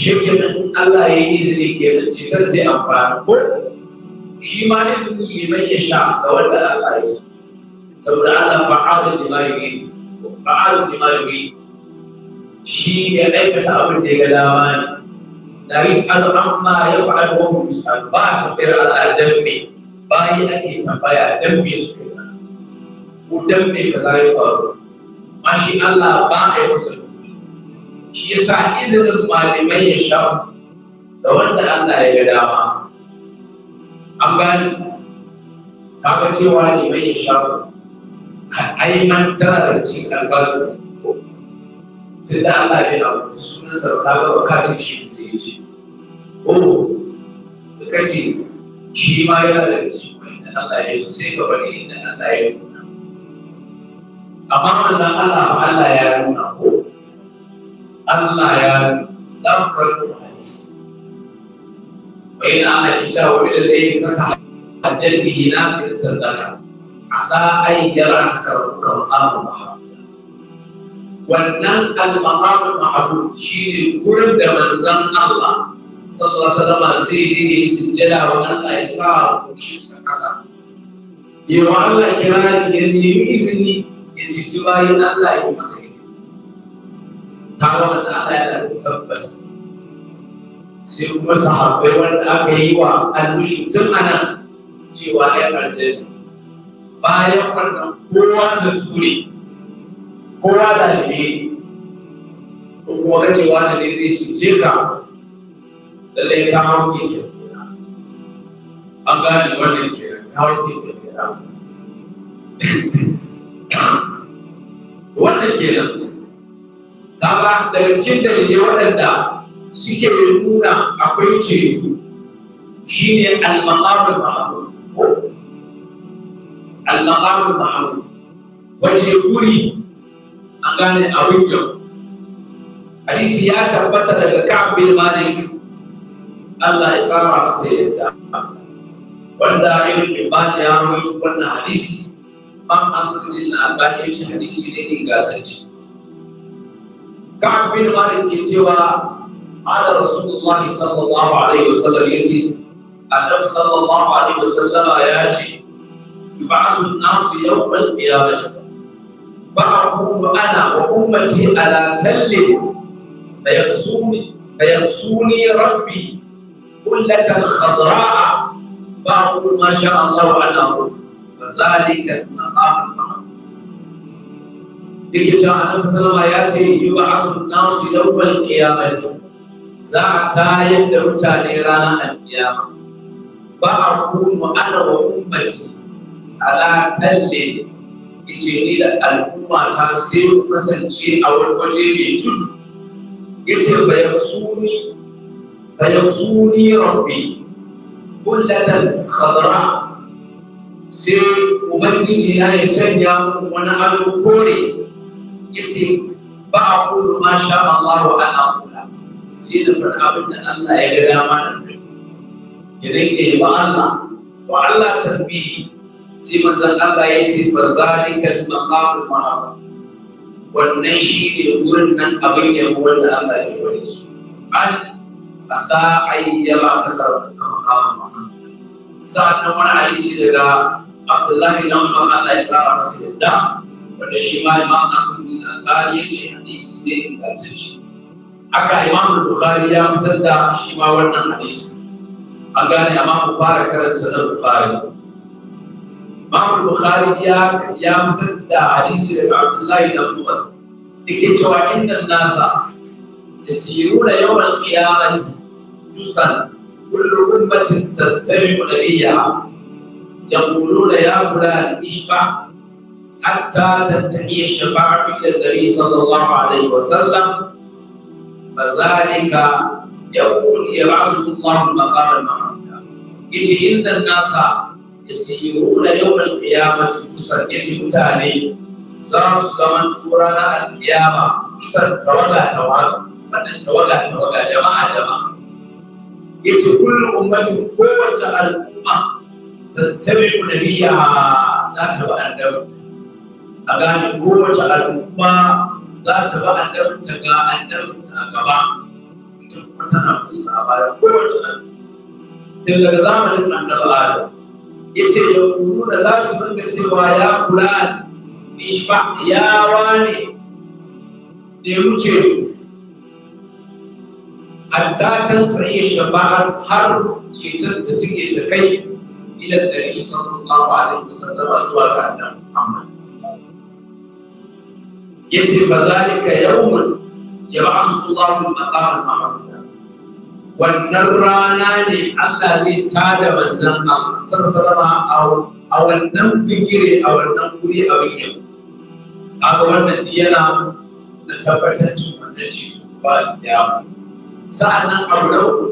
Speaker 1: shi kenan Allah ya yi izini ke kenan cutar sai amfani ko shi ma izini ne mai ya sha ga wanda Allah ya so saboda Allah fa'alun lima yuhi da lima yuhi shi ya aikata abin da ya ga dama ne la yus'alu amma yaf'alu wa hum yus'alu ba ta bira al'adam me bayi ake tambaya dan me suke wutan mai ka za ya faru ma shi Allah ba a yi masa shi ya sa izinin malamai ya sha da wanda Allah ya ga dama an gani kaga cewa liman ya sha ai an tara da cikin albasu tun da Allah bai abu sunan sa ka ga bukatun shi zai yi ce oh ka ce shi ma yana da cikin da Allah ya sosai sai ka bari inda Allah ya amma manzan Allah Allah ya nuna ko Allah ya za mu karɓi hadisi bayan ana kita wa ilal ilmi ka ta hajjar bihi na fitar daga asa ai yara su karɓi karɓar mahabba wannan al-maqamul mahabub shine gurin da manzan Allah sallallahu alaihi wasallam sai ji ne sujjada wa Allah ya sa kucin sa kasa yawa Allah kira ne nemi izini ya cuci bayan Allah ya masa yi ta Allah yana tabbas sai kuma sahabbai wanda aka yi wa almushi tun ana cewa ya aljanna bayan wannan kowa da ture kowa da ne ko kuma ka ce wani ne zai cuce ka lallai ka hau an gane wannan kenan hau <laughs> wannan kenan ba daga cikin dalilai waɗanda suke nuna akwai ceto shine al-maqamul mahmud al-maqamul waje guri an gane abin yau hadisi ya tabbata daga kafin bin Malik Allah ya kara masa yadda wanda ya yi ya rawaito wannan hadisi ban asibitin na albani yake hadisi ne ingantacce ka'ab bin malik ke cewa ala sallallahu alaihi wasallam yace annab sallallahu alaihi wasallam ya ce yub'asu an-nasu yawm al-qiyamah ba'ahu ana wa ummati ala tallin fayaksuni fayaksuni rabbi kullatan khadra'a ba'ahu ma sha Allah ala kulli فذلك المقام المحمود yake cewa annabi sallama ya ce yub'athu nasu yawmal qiyamati za a tayar da mutane ranar alkiyama ba a kunu ana wa ummati ala talle yace ni da al'umma ta sai mu kasance a wani waje mai tudu yace bayan suni kullatan khadra sai ubangiji na ya sanya wani ado kore ya ce ba a kudu ma sha Allah wa ana kula sai da faɗi abin da Allah ya ga dama da kai ya rinke ya ba Allah wa Allah tasbihi sai manzon Allah ya ce fa zalikal maqamu ma'ruf wannan shi ne wurin nan abin yabo wanda Allah ya wani su an asa ayyaba sakar maqamu ma'ruf sa'annan wani hadisi daga Abdullahi dan Umar Allah ya kara masa yadda wanda shi ma Imam Nasiruddin Albani ya ce hadisi ne ingantacce haka Imam Bukhari ya fitar da shi ma wannan hadisi an gane amma mu fara karanta na Bukhari Imam Bukhari ya ya fitar da hadisi daga Abdullahi dan Umar yake cewa innan nasa yasiruna yawmal qiyamati tusan كل أمة تتبع نبيها يقولون يا فلان اشفع حتى تنتهي الشفاعة إلى النبي صلى الله عليه وسلم فذلك يقول يبعثه الله المقام المحمود إذ إن الناس يسيرون يوم القيامة تسجد متاني سرس زمن تورانا القيامة تسجد توقع توقع فنن جماعة جماعة yace kullu ummatin kowace al'umma tattabi'u nabiyyaha za ta ba annabinta a gane kowace al'umma za ta ba annabinta ga annabinta a gaba ita kuma tana kusa a baya kowace al'umma daga zamanin annabi adam yace yahudu za su dinga cewa ya kula ni fa ya wane ne muke to hatta tantahi shafa'at har cetar ta tuke ta kai ila dari da alaihi wasallama zuwa ga annabi Muhammad yace fa zalika yawmun yab'athu Allahu al-maqam al-mahmud wannan rana ne Allah zai da manzon Allah sallallahu a wannan bigire a wannan guri a bigire kaga wannan yana da tabbatar cewa wannan ce ba da yawa sa'annan abu na uku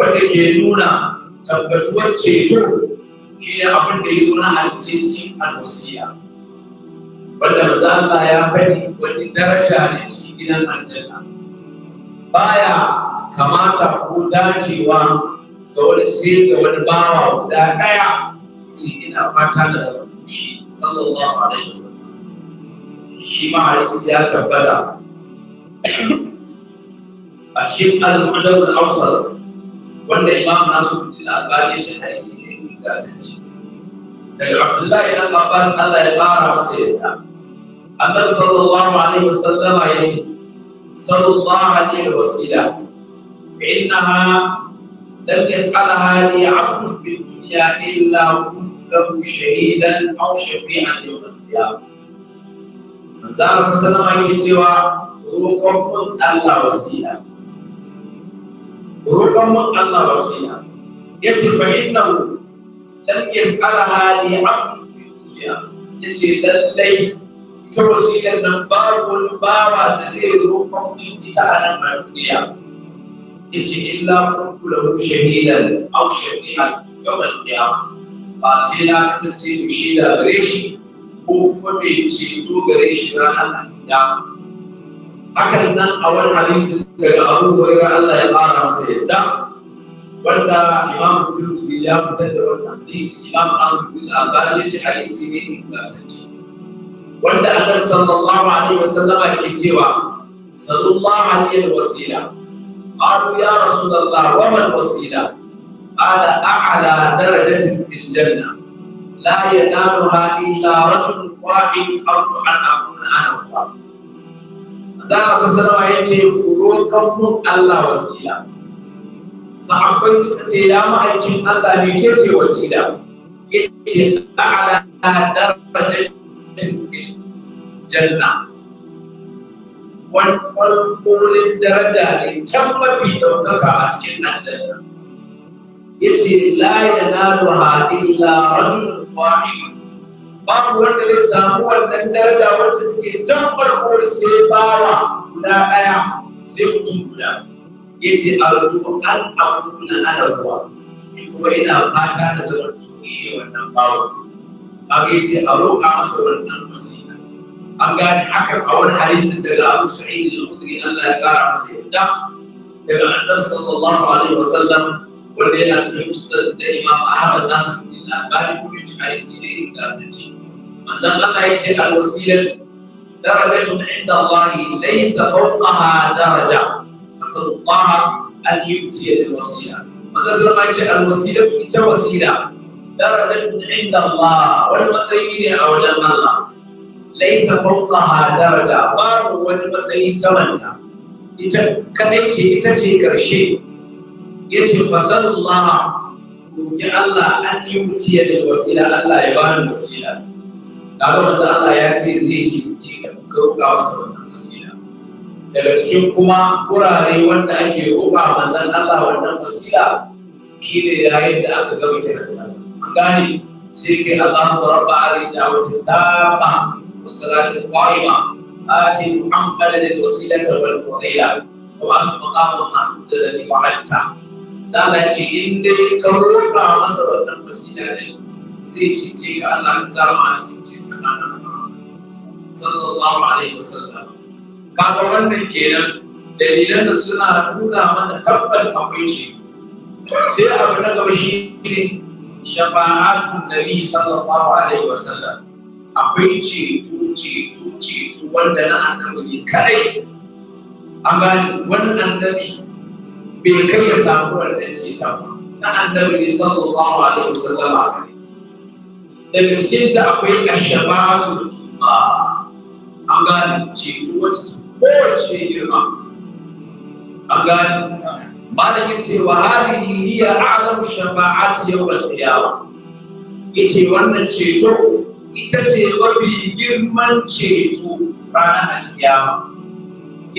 Speaker 1: wanda ke nuna tabbatuwar ceto shi ne abin da ya zo na a alwasiya wanda maza a ya bani wani daraja ne shi gidan aljanna baya kamata ko dacewa ga wani sai ga wani bawa guda ɗaya ce ina fata da zamantu shi sallallahu alaihi wasallam shi ma ya tabbata a cikin al-mujab al-awsat wanda imam nasu bin al-albani ya ce hadisi ne ingantacce daga abdullahi dan abbas Allah ya fara masa yadda annabi sallallahu alaihi wasallama ya ce sallallahu alaihi wasila innaha لم يسألها لي عبد في الدنيا إلا كنت له شهيدا أو شفيعا يوم القيامة. من زال صلى الله عليه وسلم يقول روحكم الله وسيله roƙon mun Allah wasila yace fa innahu lam yas'alaha li 'abdin dunya yace lallai ita wasiyar nan babu wani bawa da zai roƙon min ita a nan a duniya yace illa kuntu lahu shahidan aw shahidan yawmal qiyamah ba ce na kasance da shi da gare shi ko kuma bai ceto gare shi ranar da hakan nan a wani hadisi daga abu hurairah Allah ya ƙara masa yadda wanda imam turmuzi ya fitar da wannan hadisi imam ahmad da albani ya ce hadisi ne ingantacce wanda annabi sallallahu alaihi wasallam ke cewa sallallahu alaihi wasila قالوا يا رسول الله وما da قال اعلى درجه في الجنه لا ينالها illa رجل واحد ارجو ان اكون انا وهو za a sassarwa ya ce roƙon mun Allah wasila sahabbai suka ce ya ma'aikin Allah ne ke ce wasila ya ce ala darajar janna wani daraja ne can mafi ɗaukaka a cikin nan janna ya ce la yana da hadin la rajulun wahid babu wanda zai samu wannan daraja wacce take can farko da sai bawa guda ɗaya sai mutum guda ya ce a rutu an abu na alarwa kuma ina fata da zaman tuki ne wannan bawa kaga ya ce a roƙa masa wannan musina an gane haka a wani hadisin daga abu sa'id al-khudri Allah ya kara masa yadda daga annabi sallallahu alaihi wasallam wanda yana cikin musnad da imam ahmad nasir bin al-albani ko ya ci hadisi ne ingantacce manzon Allah ya ce al-wasilatu darajatun inda Allah laysa fawqaha daraja fasallallahu an yuti al-wasila manzon sallallahu ya ce al-wasilatu ita wasila darajatun inda Allah wani matsayi ne a wajen Allah laisa fawqaha daraja babu wani matsayi samanta ita kadai ce ita ce karshe yace fasallallahu roki Allah an yi mutiya da wasila Allah ya bani wasila kaga manzo Allah ya ce zai cinci ga roƙa wasu wannan wasila daga cikin kuma wurare wanda ake roƙa manzon Allah wannan wasila shi ne yayin da aka gama nasa an gane sai ke Allahu rabba ali da'wati tamma wasalatin qa'ima آتي su الوسيلة والفضيلة وأخذ da محمود الذي وعدته zala ce in dai ka roƙa masa wannan wasila ne zai cince ga Allah ka samu a cikin tsakanin annabawa sallallahu alaihi wasallam kaga wannan kenan dalilan da suna nuna mana tabbas akwai ceto sai abu na gaba shi ne shafa'atun nabi sallallahu alaihi wasallam akwai ceto ceto ceto wanda na annabi ne kadai an gane wannan annabi bai kai ya samu wannan ceton na annabi sallallahu alaihi wasallama kadai daga cikinta akwai ashabatu a an gane ceto wacce kowace girma an gane da ya ce wa halihi hiya adam shafa'ati yawa. Ya ce wannan ceto ita ce mafi girman ceto ranar alkiyama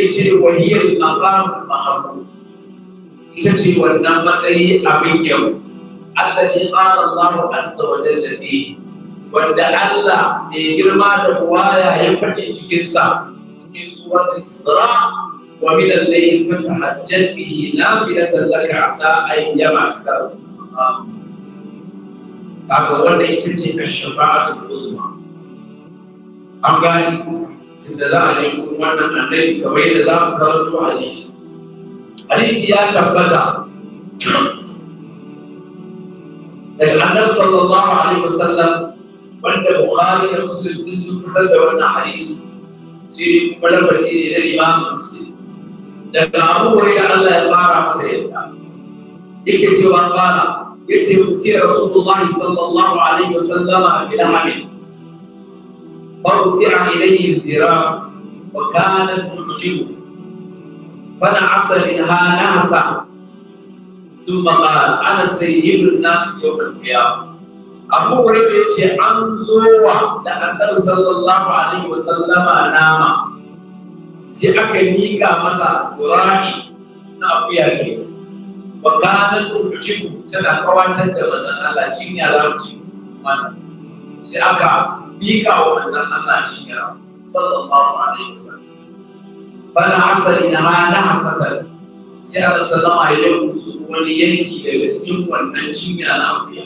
Speaker 1: ce wa hiya al-maqam mahmud ita ce wannan matsayi abin yau Allah ne qala Allahu azza wa da biyu wanda Allah mai girma da buwaya ya faɗi cikinsa cikin suratul Isra wa min al-layli fatahajjat bihi nafilatan laka asa an yamaska kaga wanda ita ce ash-shafa'atul uzma an gani tunda za a yi wannan annabi kamar yadda za mu karanto hadisi
Speaker 3: hadisi ya tabbata
Speaker 1: daga annabi sallallahu alaihi wasallam وانت البخاري يقصد المسلم فرد وانا حديث سيري فلا فسيري الى الامام المسلم لكن ابو هريره الا يقارع سيدنا يكي تي وقارع يكي تي رسول الله صلى الله عليه وسلم الى حميد فرفع اليه الذراع وكانت تعجبه فنعس منها نعسا ثم قال انا سيد الناس يوم القيامه abu wurin ya ce an wa da annar sallallahu alaihi wasallama nama sai aka miƙa masa zura'i na akuya ke ba kanar kurkucin tana ta da mazan Allah cin yara ci wannan sai aka miƙa wa mazan Allah cin yara
Speaker 3: sallallahu alaihi wasallam
Speaker 1: bana asali na rana hasatar sai Allah sallama ya yi wani yanki daga cikin wannan cin na akuya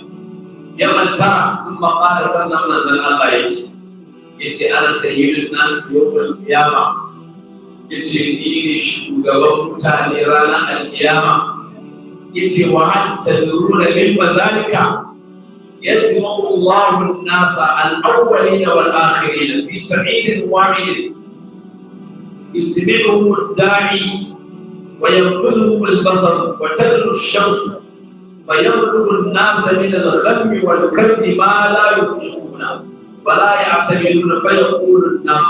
Speaker 1: ya manta sun maƙara sannan manzan Allah ya ce ya ce ana sayyidun nasu yawon ya ce ni ne shugaban mutane ranar alkiyama ya ce wa hatta zuru da min mazalika ya ce ma'ullahu nasa al'awwali da wal'akhiri da fi sa'idin wahidin يسمعهم الداعي وينفذهم البصر وتدل الشمس فيطلب الناس من الغم والكرب ما لا يطيقون ولا يعتمدون فيقول الناس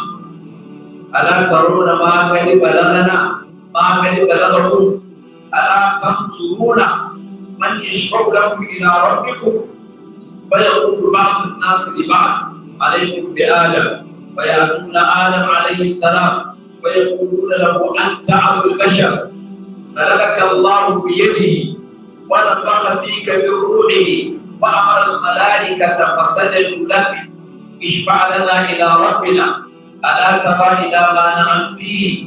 Speaker 1: ألا ترون ما قد بلغنا ما قد بلغكم ألا تنظرون من يشفع لكم إلى ربكم فيقول بعض الناس لبعض عليكم بآدم فيأتون آدم عليه السلام ويقولون له أنت عبد البشر ملكك الله بيده ونفخ فيك من روحه وأمر الملائكة فسجدوا لك اشفع لنا إلى ربنا ألا ترى إلى ما نعم فيه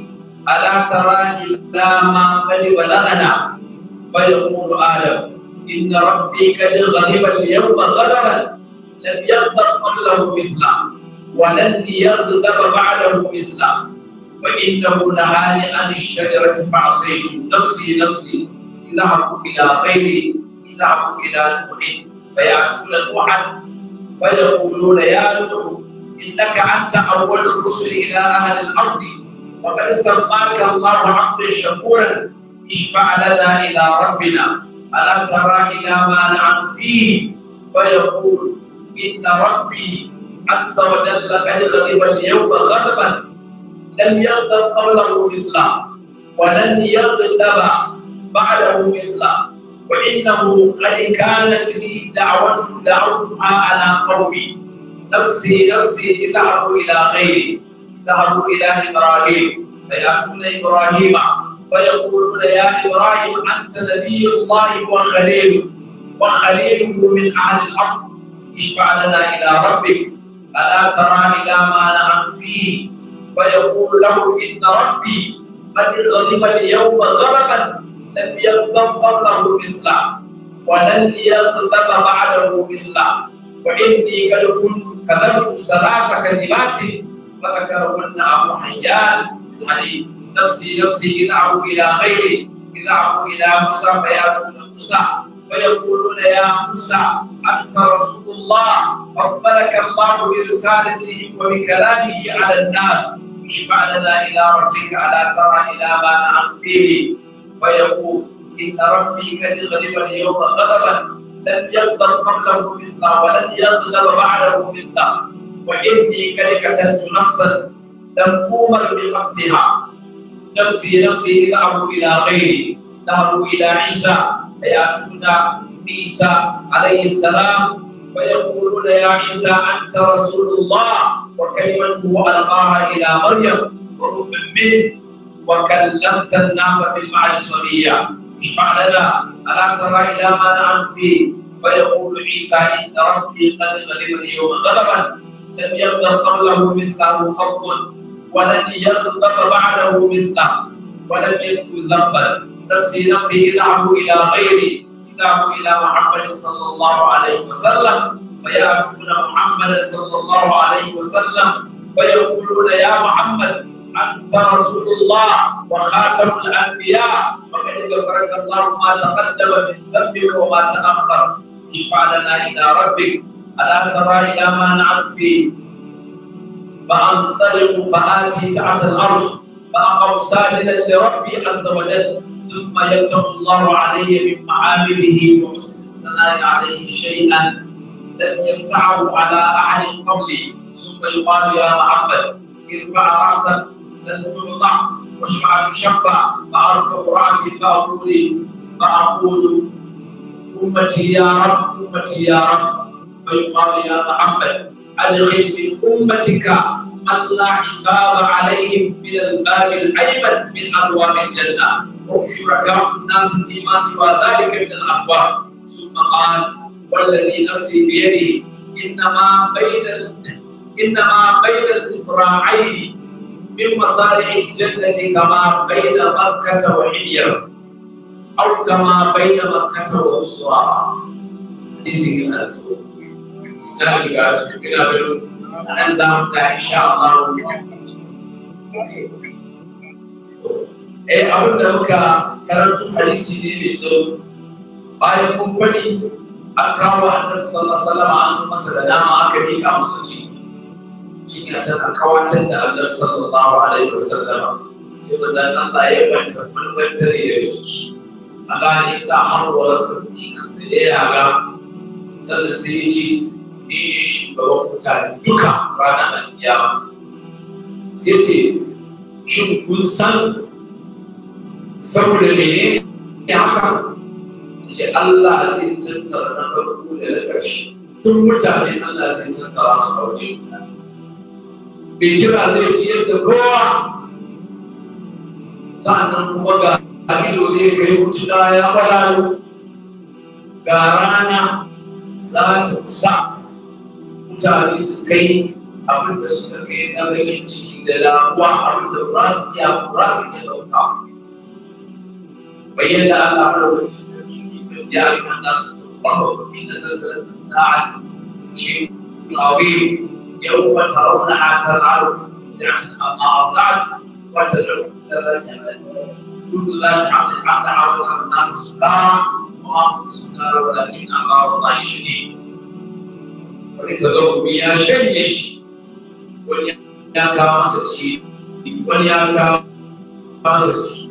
Speaker 1: ألا ترى إلى ما قد ولغنا فيقول آدم إن ربي قد غضب اليوم غضبا لم يغضب قبله مثله ولن يغضب بعده مثله وإنه نهاني عن الشجرة فعصيت نفسي نفسي ذهبوا إلى بيت ذهبوا إلى نوح فيأتون نوحا ويقولون يا نوح إنك أنت أول الرسل إلى أهل الأرض وقد سماك الله عبدا شكورا اشفع لنا إلى ربنا ألا ترى إلى ما نعم فيه ويقول إن ربي عز وجل قد غضب اليوم غضبا لم يغضب قبله مثله ولن يغضب بعده مثله وإنه قد كانت لي دعوة دعوتها على قومي نفسي نفسي اذهبوا إلى غيري اذهبوا إلى إبراهيم فيأتون إبراهيم فيقولون يا إبراهيم أنت نبي الله وخليله وخليله من أهل الأرض اشفع لنا إلى ربك ألا ترى إلى ما نعم فيه فيقول له إن ربي قد غضب اليوم غضبا لم يغضب قبله مثله ولن يغضب بعده مثله وإني قد كنت كذبت ثلاث كلمات فذكرهن أبو حيان الحديث يعني نفسي نفسي ادعوا إلى غيري ادعوا إلى موسى فيأتون موسى فيقولون يا موسى أنت رسول الله قبلك الله برسالته وبكلامه على الناس اشفع لنا إلى ربك ألا ترى إلى ما نعم فيه ويقول إن ربي قد غلب اليوم غلبا لم يقبل قبله مثله ولن يقبل بعده مثله وإني قد قتلت نفسا لم أؤمر بقتلها نفسي نفسي اذهبوا إلى غيري ذهبوا إلى عيسى فيأتون عيسى عليه السلام ويقولون يا عيسى أنت رسول الله وكلمته ألقاها إلى مريم وروح منه وكلمت الناس في المعجمية مش لنا ألا ترى إلى ما نعم فيه ويقول عيسى إن ربي قد غلب اليوم غلبا لم يغلب قبله مثله قط ولن يغلب بعده مثله ولم يكن ذنبا نفسي نفسي ادعه الى غيري ادعه الى محمد صلى الله عليه وسلم فياتون محمدا صلى الله عليه وسلم ويقولون يا محمد أنت رسول الله وخاتم الأنبياء وقد غفرك الله ما تقدم من ذنبك وما تأخر اشفع لنا إلى ربك ألا ترى إلى ما نعم فيه فأنطلق فآتي تحت الأرض فأقم ساجدا لربي عز وجل ثم يتق الله علي من معامله ومسك الثناء عليه شيئا لم يفتحه على أحد قبلي ثم يقال يا محمد ارفع رأسك سلت طعم وشفعت شفع فأرفع رأسي فأقول فأقول أمتي يا رب أمتي يا رب فيقال يا محمد أدخل من أمتك ألا حساب عليهم من الباب الأيمن من أبواب الجنة هم شركاء الناس فيما سوى ذلك من الأقوام ثم قال والذي نفسي بيده إنما بين إنما بين المصراعين من مصارع الجنة كما بين مكة وحجر أو كما بين مكة وأسرى حديثي كما نزول كتاب بلو أنا زامتا إن شاء الله أي أول نوكا كانت حديثي دي بزو باية كمبني أكرام وأنت صلى الله عليه وسلم عنه مسألة دام آكدي كامسوتي shi tana kawatar da annar sallallahu alaihi wasallama sai mazan Allah ya banta wani bantare daga ciki a gane sa hannuwar sabbi su da yara sannan sai ya ce ni ne shugaban mutane duka ranar alkiyama sai ce shin kun san saboda me ne haka ce Allah zai tattara na farko da na ƙarshe duk mutane Allah zai tattara su a wajen mutane mai jira zai ci yadda kowa sa'annan kuma ga ido zai kai wuce ya fara. ga rana za ta kusa mutane su kai abin da suka kai na bakin ciki da lamuwa abin da ba su iya ba su iya dauka bayyana Allah har wani sarki ne da ya yi nasu tabbar da zazzarar da sa'a ce a wani يوم ترونها أنا نفس ما أرضعت وتدعو إلى الجنة قلت لا تحمل الحمد حول الناس السكارى وما هم السكارى ولكن عذاب الله شديد ولكذوب يا شيش قل يا كاسكشي قل يا كاسكشي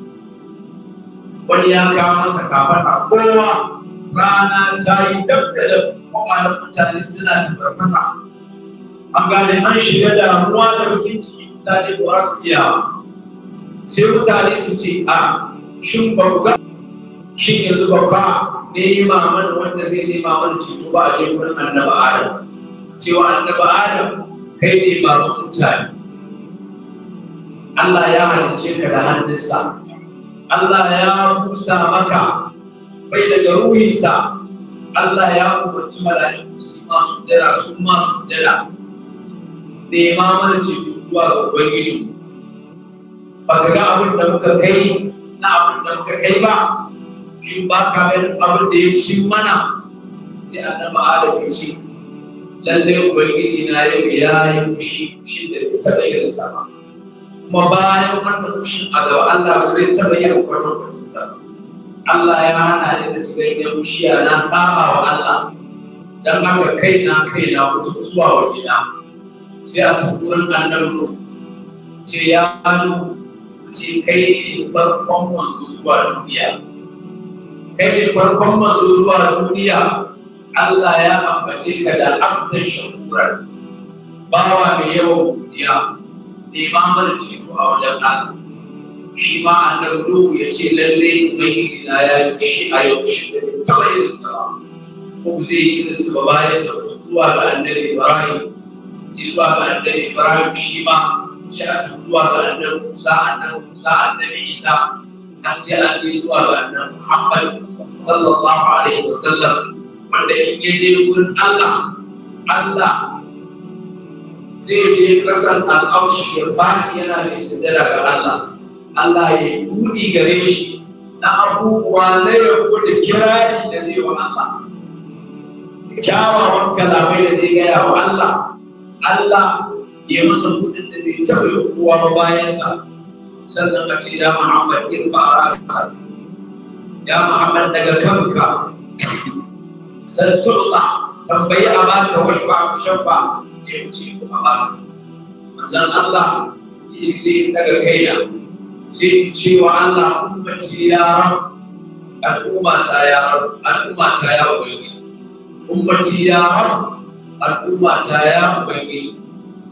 Speaker 1: قل يا كاسكابتا قوة رانا جاي دب دب وما لم تنسنا تبرمسا an an shiga damuwa da bakin ciki mutane ba su iya sai mutane su ce a shin ba ku ga shin yanzu babba ne yi mana wanda zai ne mana ceto ba a je wurin annaba adam cewa annaba adam kai ne baban mutane Allah ya halince ka da hannunsa Allah ya busa maka bai daga ruhinsa Allah ya umarci mala'iku su masu jira su masu jira nema mana ceto zuwa ga ubangiji ba ka ga abin da muka kai na abin da muka kai ba shi ba ka ganin abin da ya ci mana sai annabi adam ya ce lallai ubangiji na yau ya yi kushi shi da ya taɓa yin sama kuma bayan wannan kushin a gaba Allah ba zai taɓa yin kwatankwacin sama. Allah ya hana ni da cikin yan kushiya na saba wa Allah dan haka kaina kaina mutum zuwa wajena. sai a tafi wurin annabi ce ya nu ce kai ne farkon manzo zuwa duniya kai ne farkon manzo zuwa duniya Allah ya ambace ka da abdan shakurar bawa mai yawan godiya neman mana ceto a wajen Allah shi ma nan Nuhu ya ce lalle ubangiji na ya yi shi a yau shi da ta bayyana sa ko zai yi irin sa ba ya zuwa ga annabi Ibrahim zuwa ga annabi Ibrahim shi ma sai zuwa ga Isa har sai an je zuwa ga annabi Muhammad sallallahu alaihi wasallam wanda in Allah Allah zai je kasan al'aushi ya ba yana da sujada ga Allah Allah ya buɗi gare shi na abubuwa na yabo da kirari da zai wa Allah kyawawan kalamai da zai gaya wa Allah Allah ya masa kudin da bai taɓa yi kowa ba bayansa sannan ka ce ya Muhammad in ba a rasa ya Muhammad daga kanka sattuɗa tambayi a baka wasu ba ku shafa ya wuce ku ba. baka manzan Allah ya ce sai in daga kaina sai in ce wa Allah umarci ya ram al'umma ta ya al'umma ta ya wa umarci ya ram al'umma ta ya ubangiji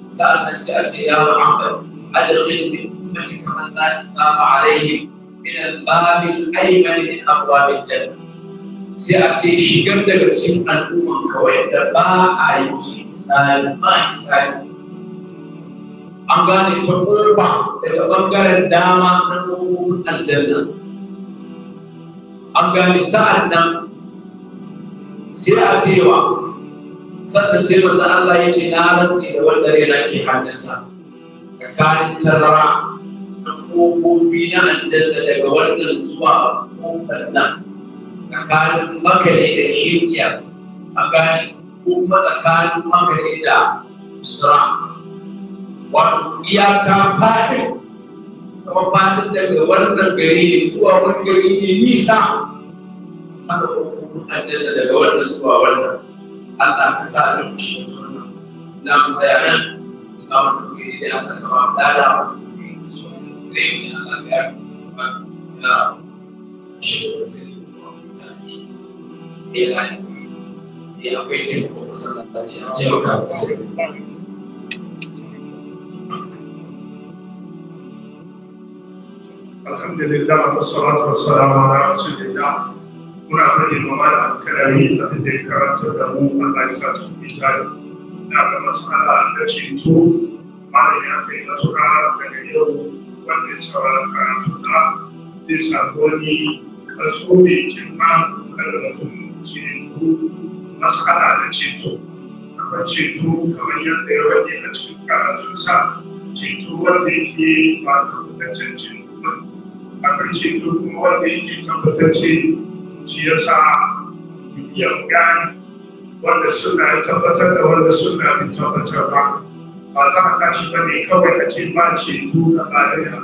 Speaker 1: sa'annan sai a ce ya muhammad adkhil min ummatika man la isama alaihim min al-bab al-ayman min abwab al sai a ce shigar daga cikin al'umman kawai da ba a yi su isali ba isali an gane ta kurba daga bangaren dama na hukumar aljanna an gane sa'an nan sai a cewa sannan sai manzo Allah ya ce na rantse da wanda rena ke hannunsa tsakanin tarara na ƙofofi na aljanna daga wannan zuwa ƙofar nan tsakanin makare da iriya a gani ko kuma tsakanin makare da usra wato iyaka faɗin kuma faɗin daga wannan gari ne zuwa wani gari ne nisa haka ƙofofin aljanna daga wannan zuwa wannan نعم، نعم،
Speaker 3: الحمد لله والصلاة والسلام على رسول الله muna kwenye mama da alkalami da da ya karanta da mu Allah ya sa su na da masala da ceto malam ya kai nasura daga yau wanda ya saura karatu na zai samu wani kaso mai girma kan mutum ceto masala da ceto kamar ceto kamar yadda ya wani a cikin karatunsa ceto wanda yake ba tabbataccen ceto akwai ceto kuma wanda yake shi ya sa iya gani wanda suna tabbatar da wanda suna bin tabbatar ba ba za a tashi ba ne kawai a ce ba ceto ga ɗaya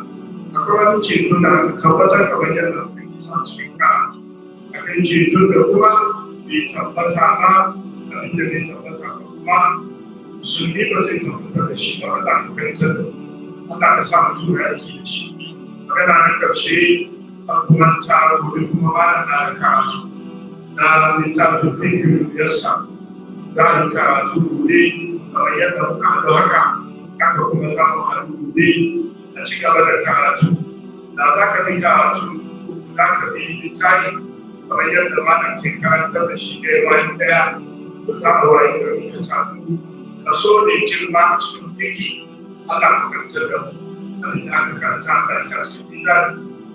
Speaker 3: akwai wani ceto na tabbatar kamar yadda kai sa cikin kan ce tu da kuma bai tabbata ba abin da bai tabbata ba kuma musulmi ba zai tabbatar da shi ba Allah ka fahimtar da Allah ka sa mutum ya da shi magana na ƙarshe a kuma ta gobe kuma malam na karatu na littafin fikin biyarsa za a yi karatu gobe kamar yadda muka haɗu haka haka kuma za mu haɗu gobe a ci gaba da karatu da za ka bi karatu za ka bi littafi kamar yadda malam ke karantar da shi ɗaya bayan ɗaya da za a wayi gari da sabu kaso ne girma a cikin fiki ana fahimtar da mu abin da aka karanta a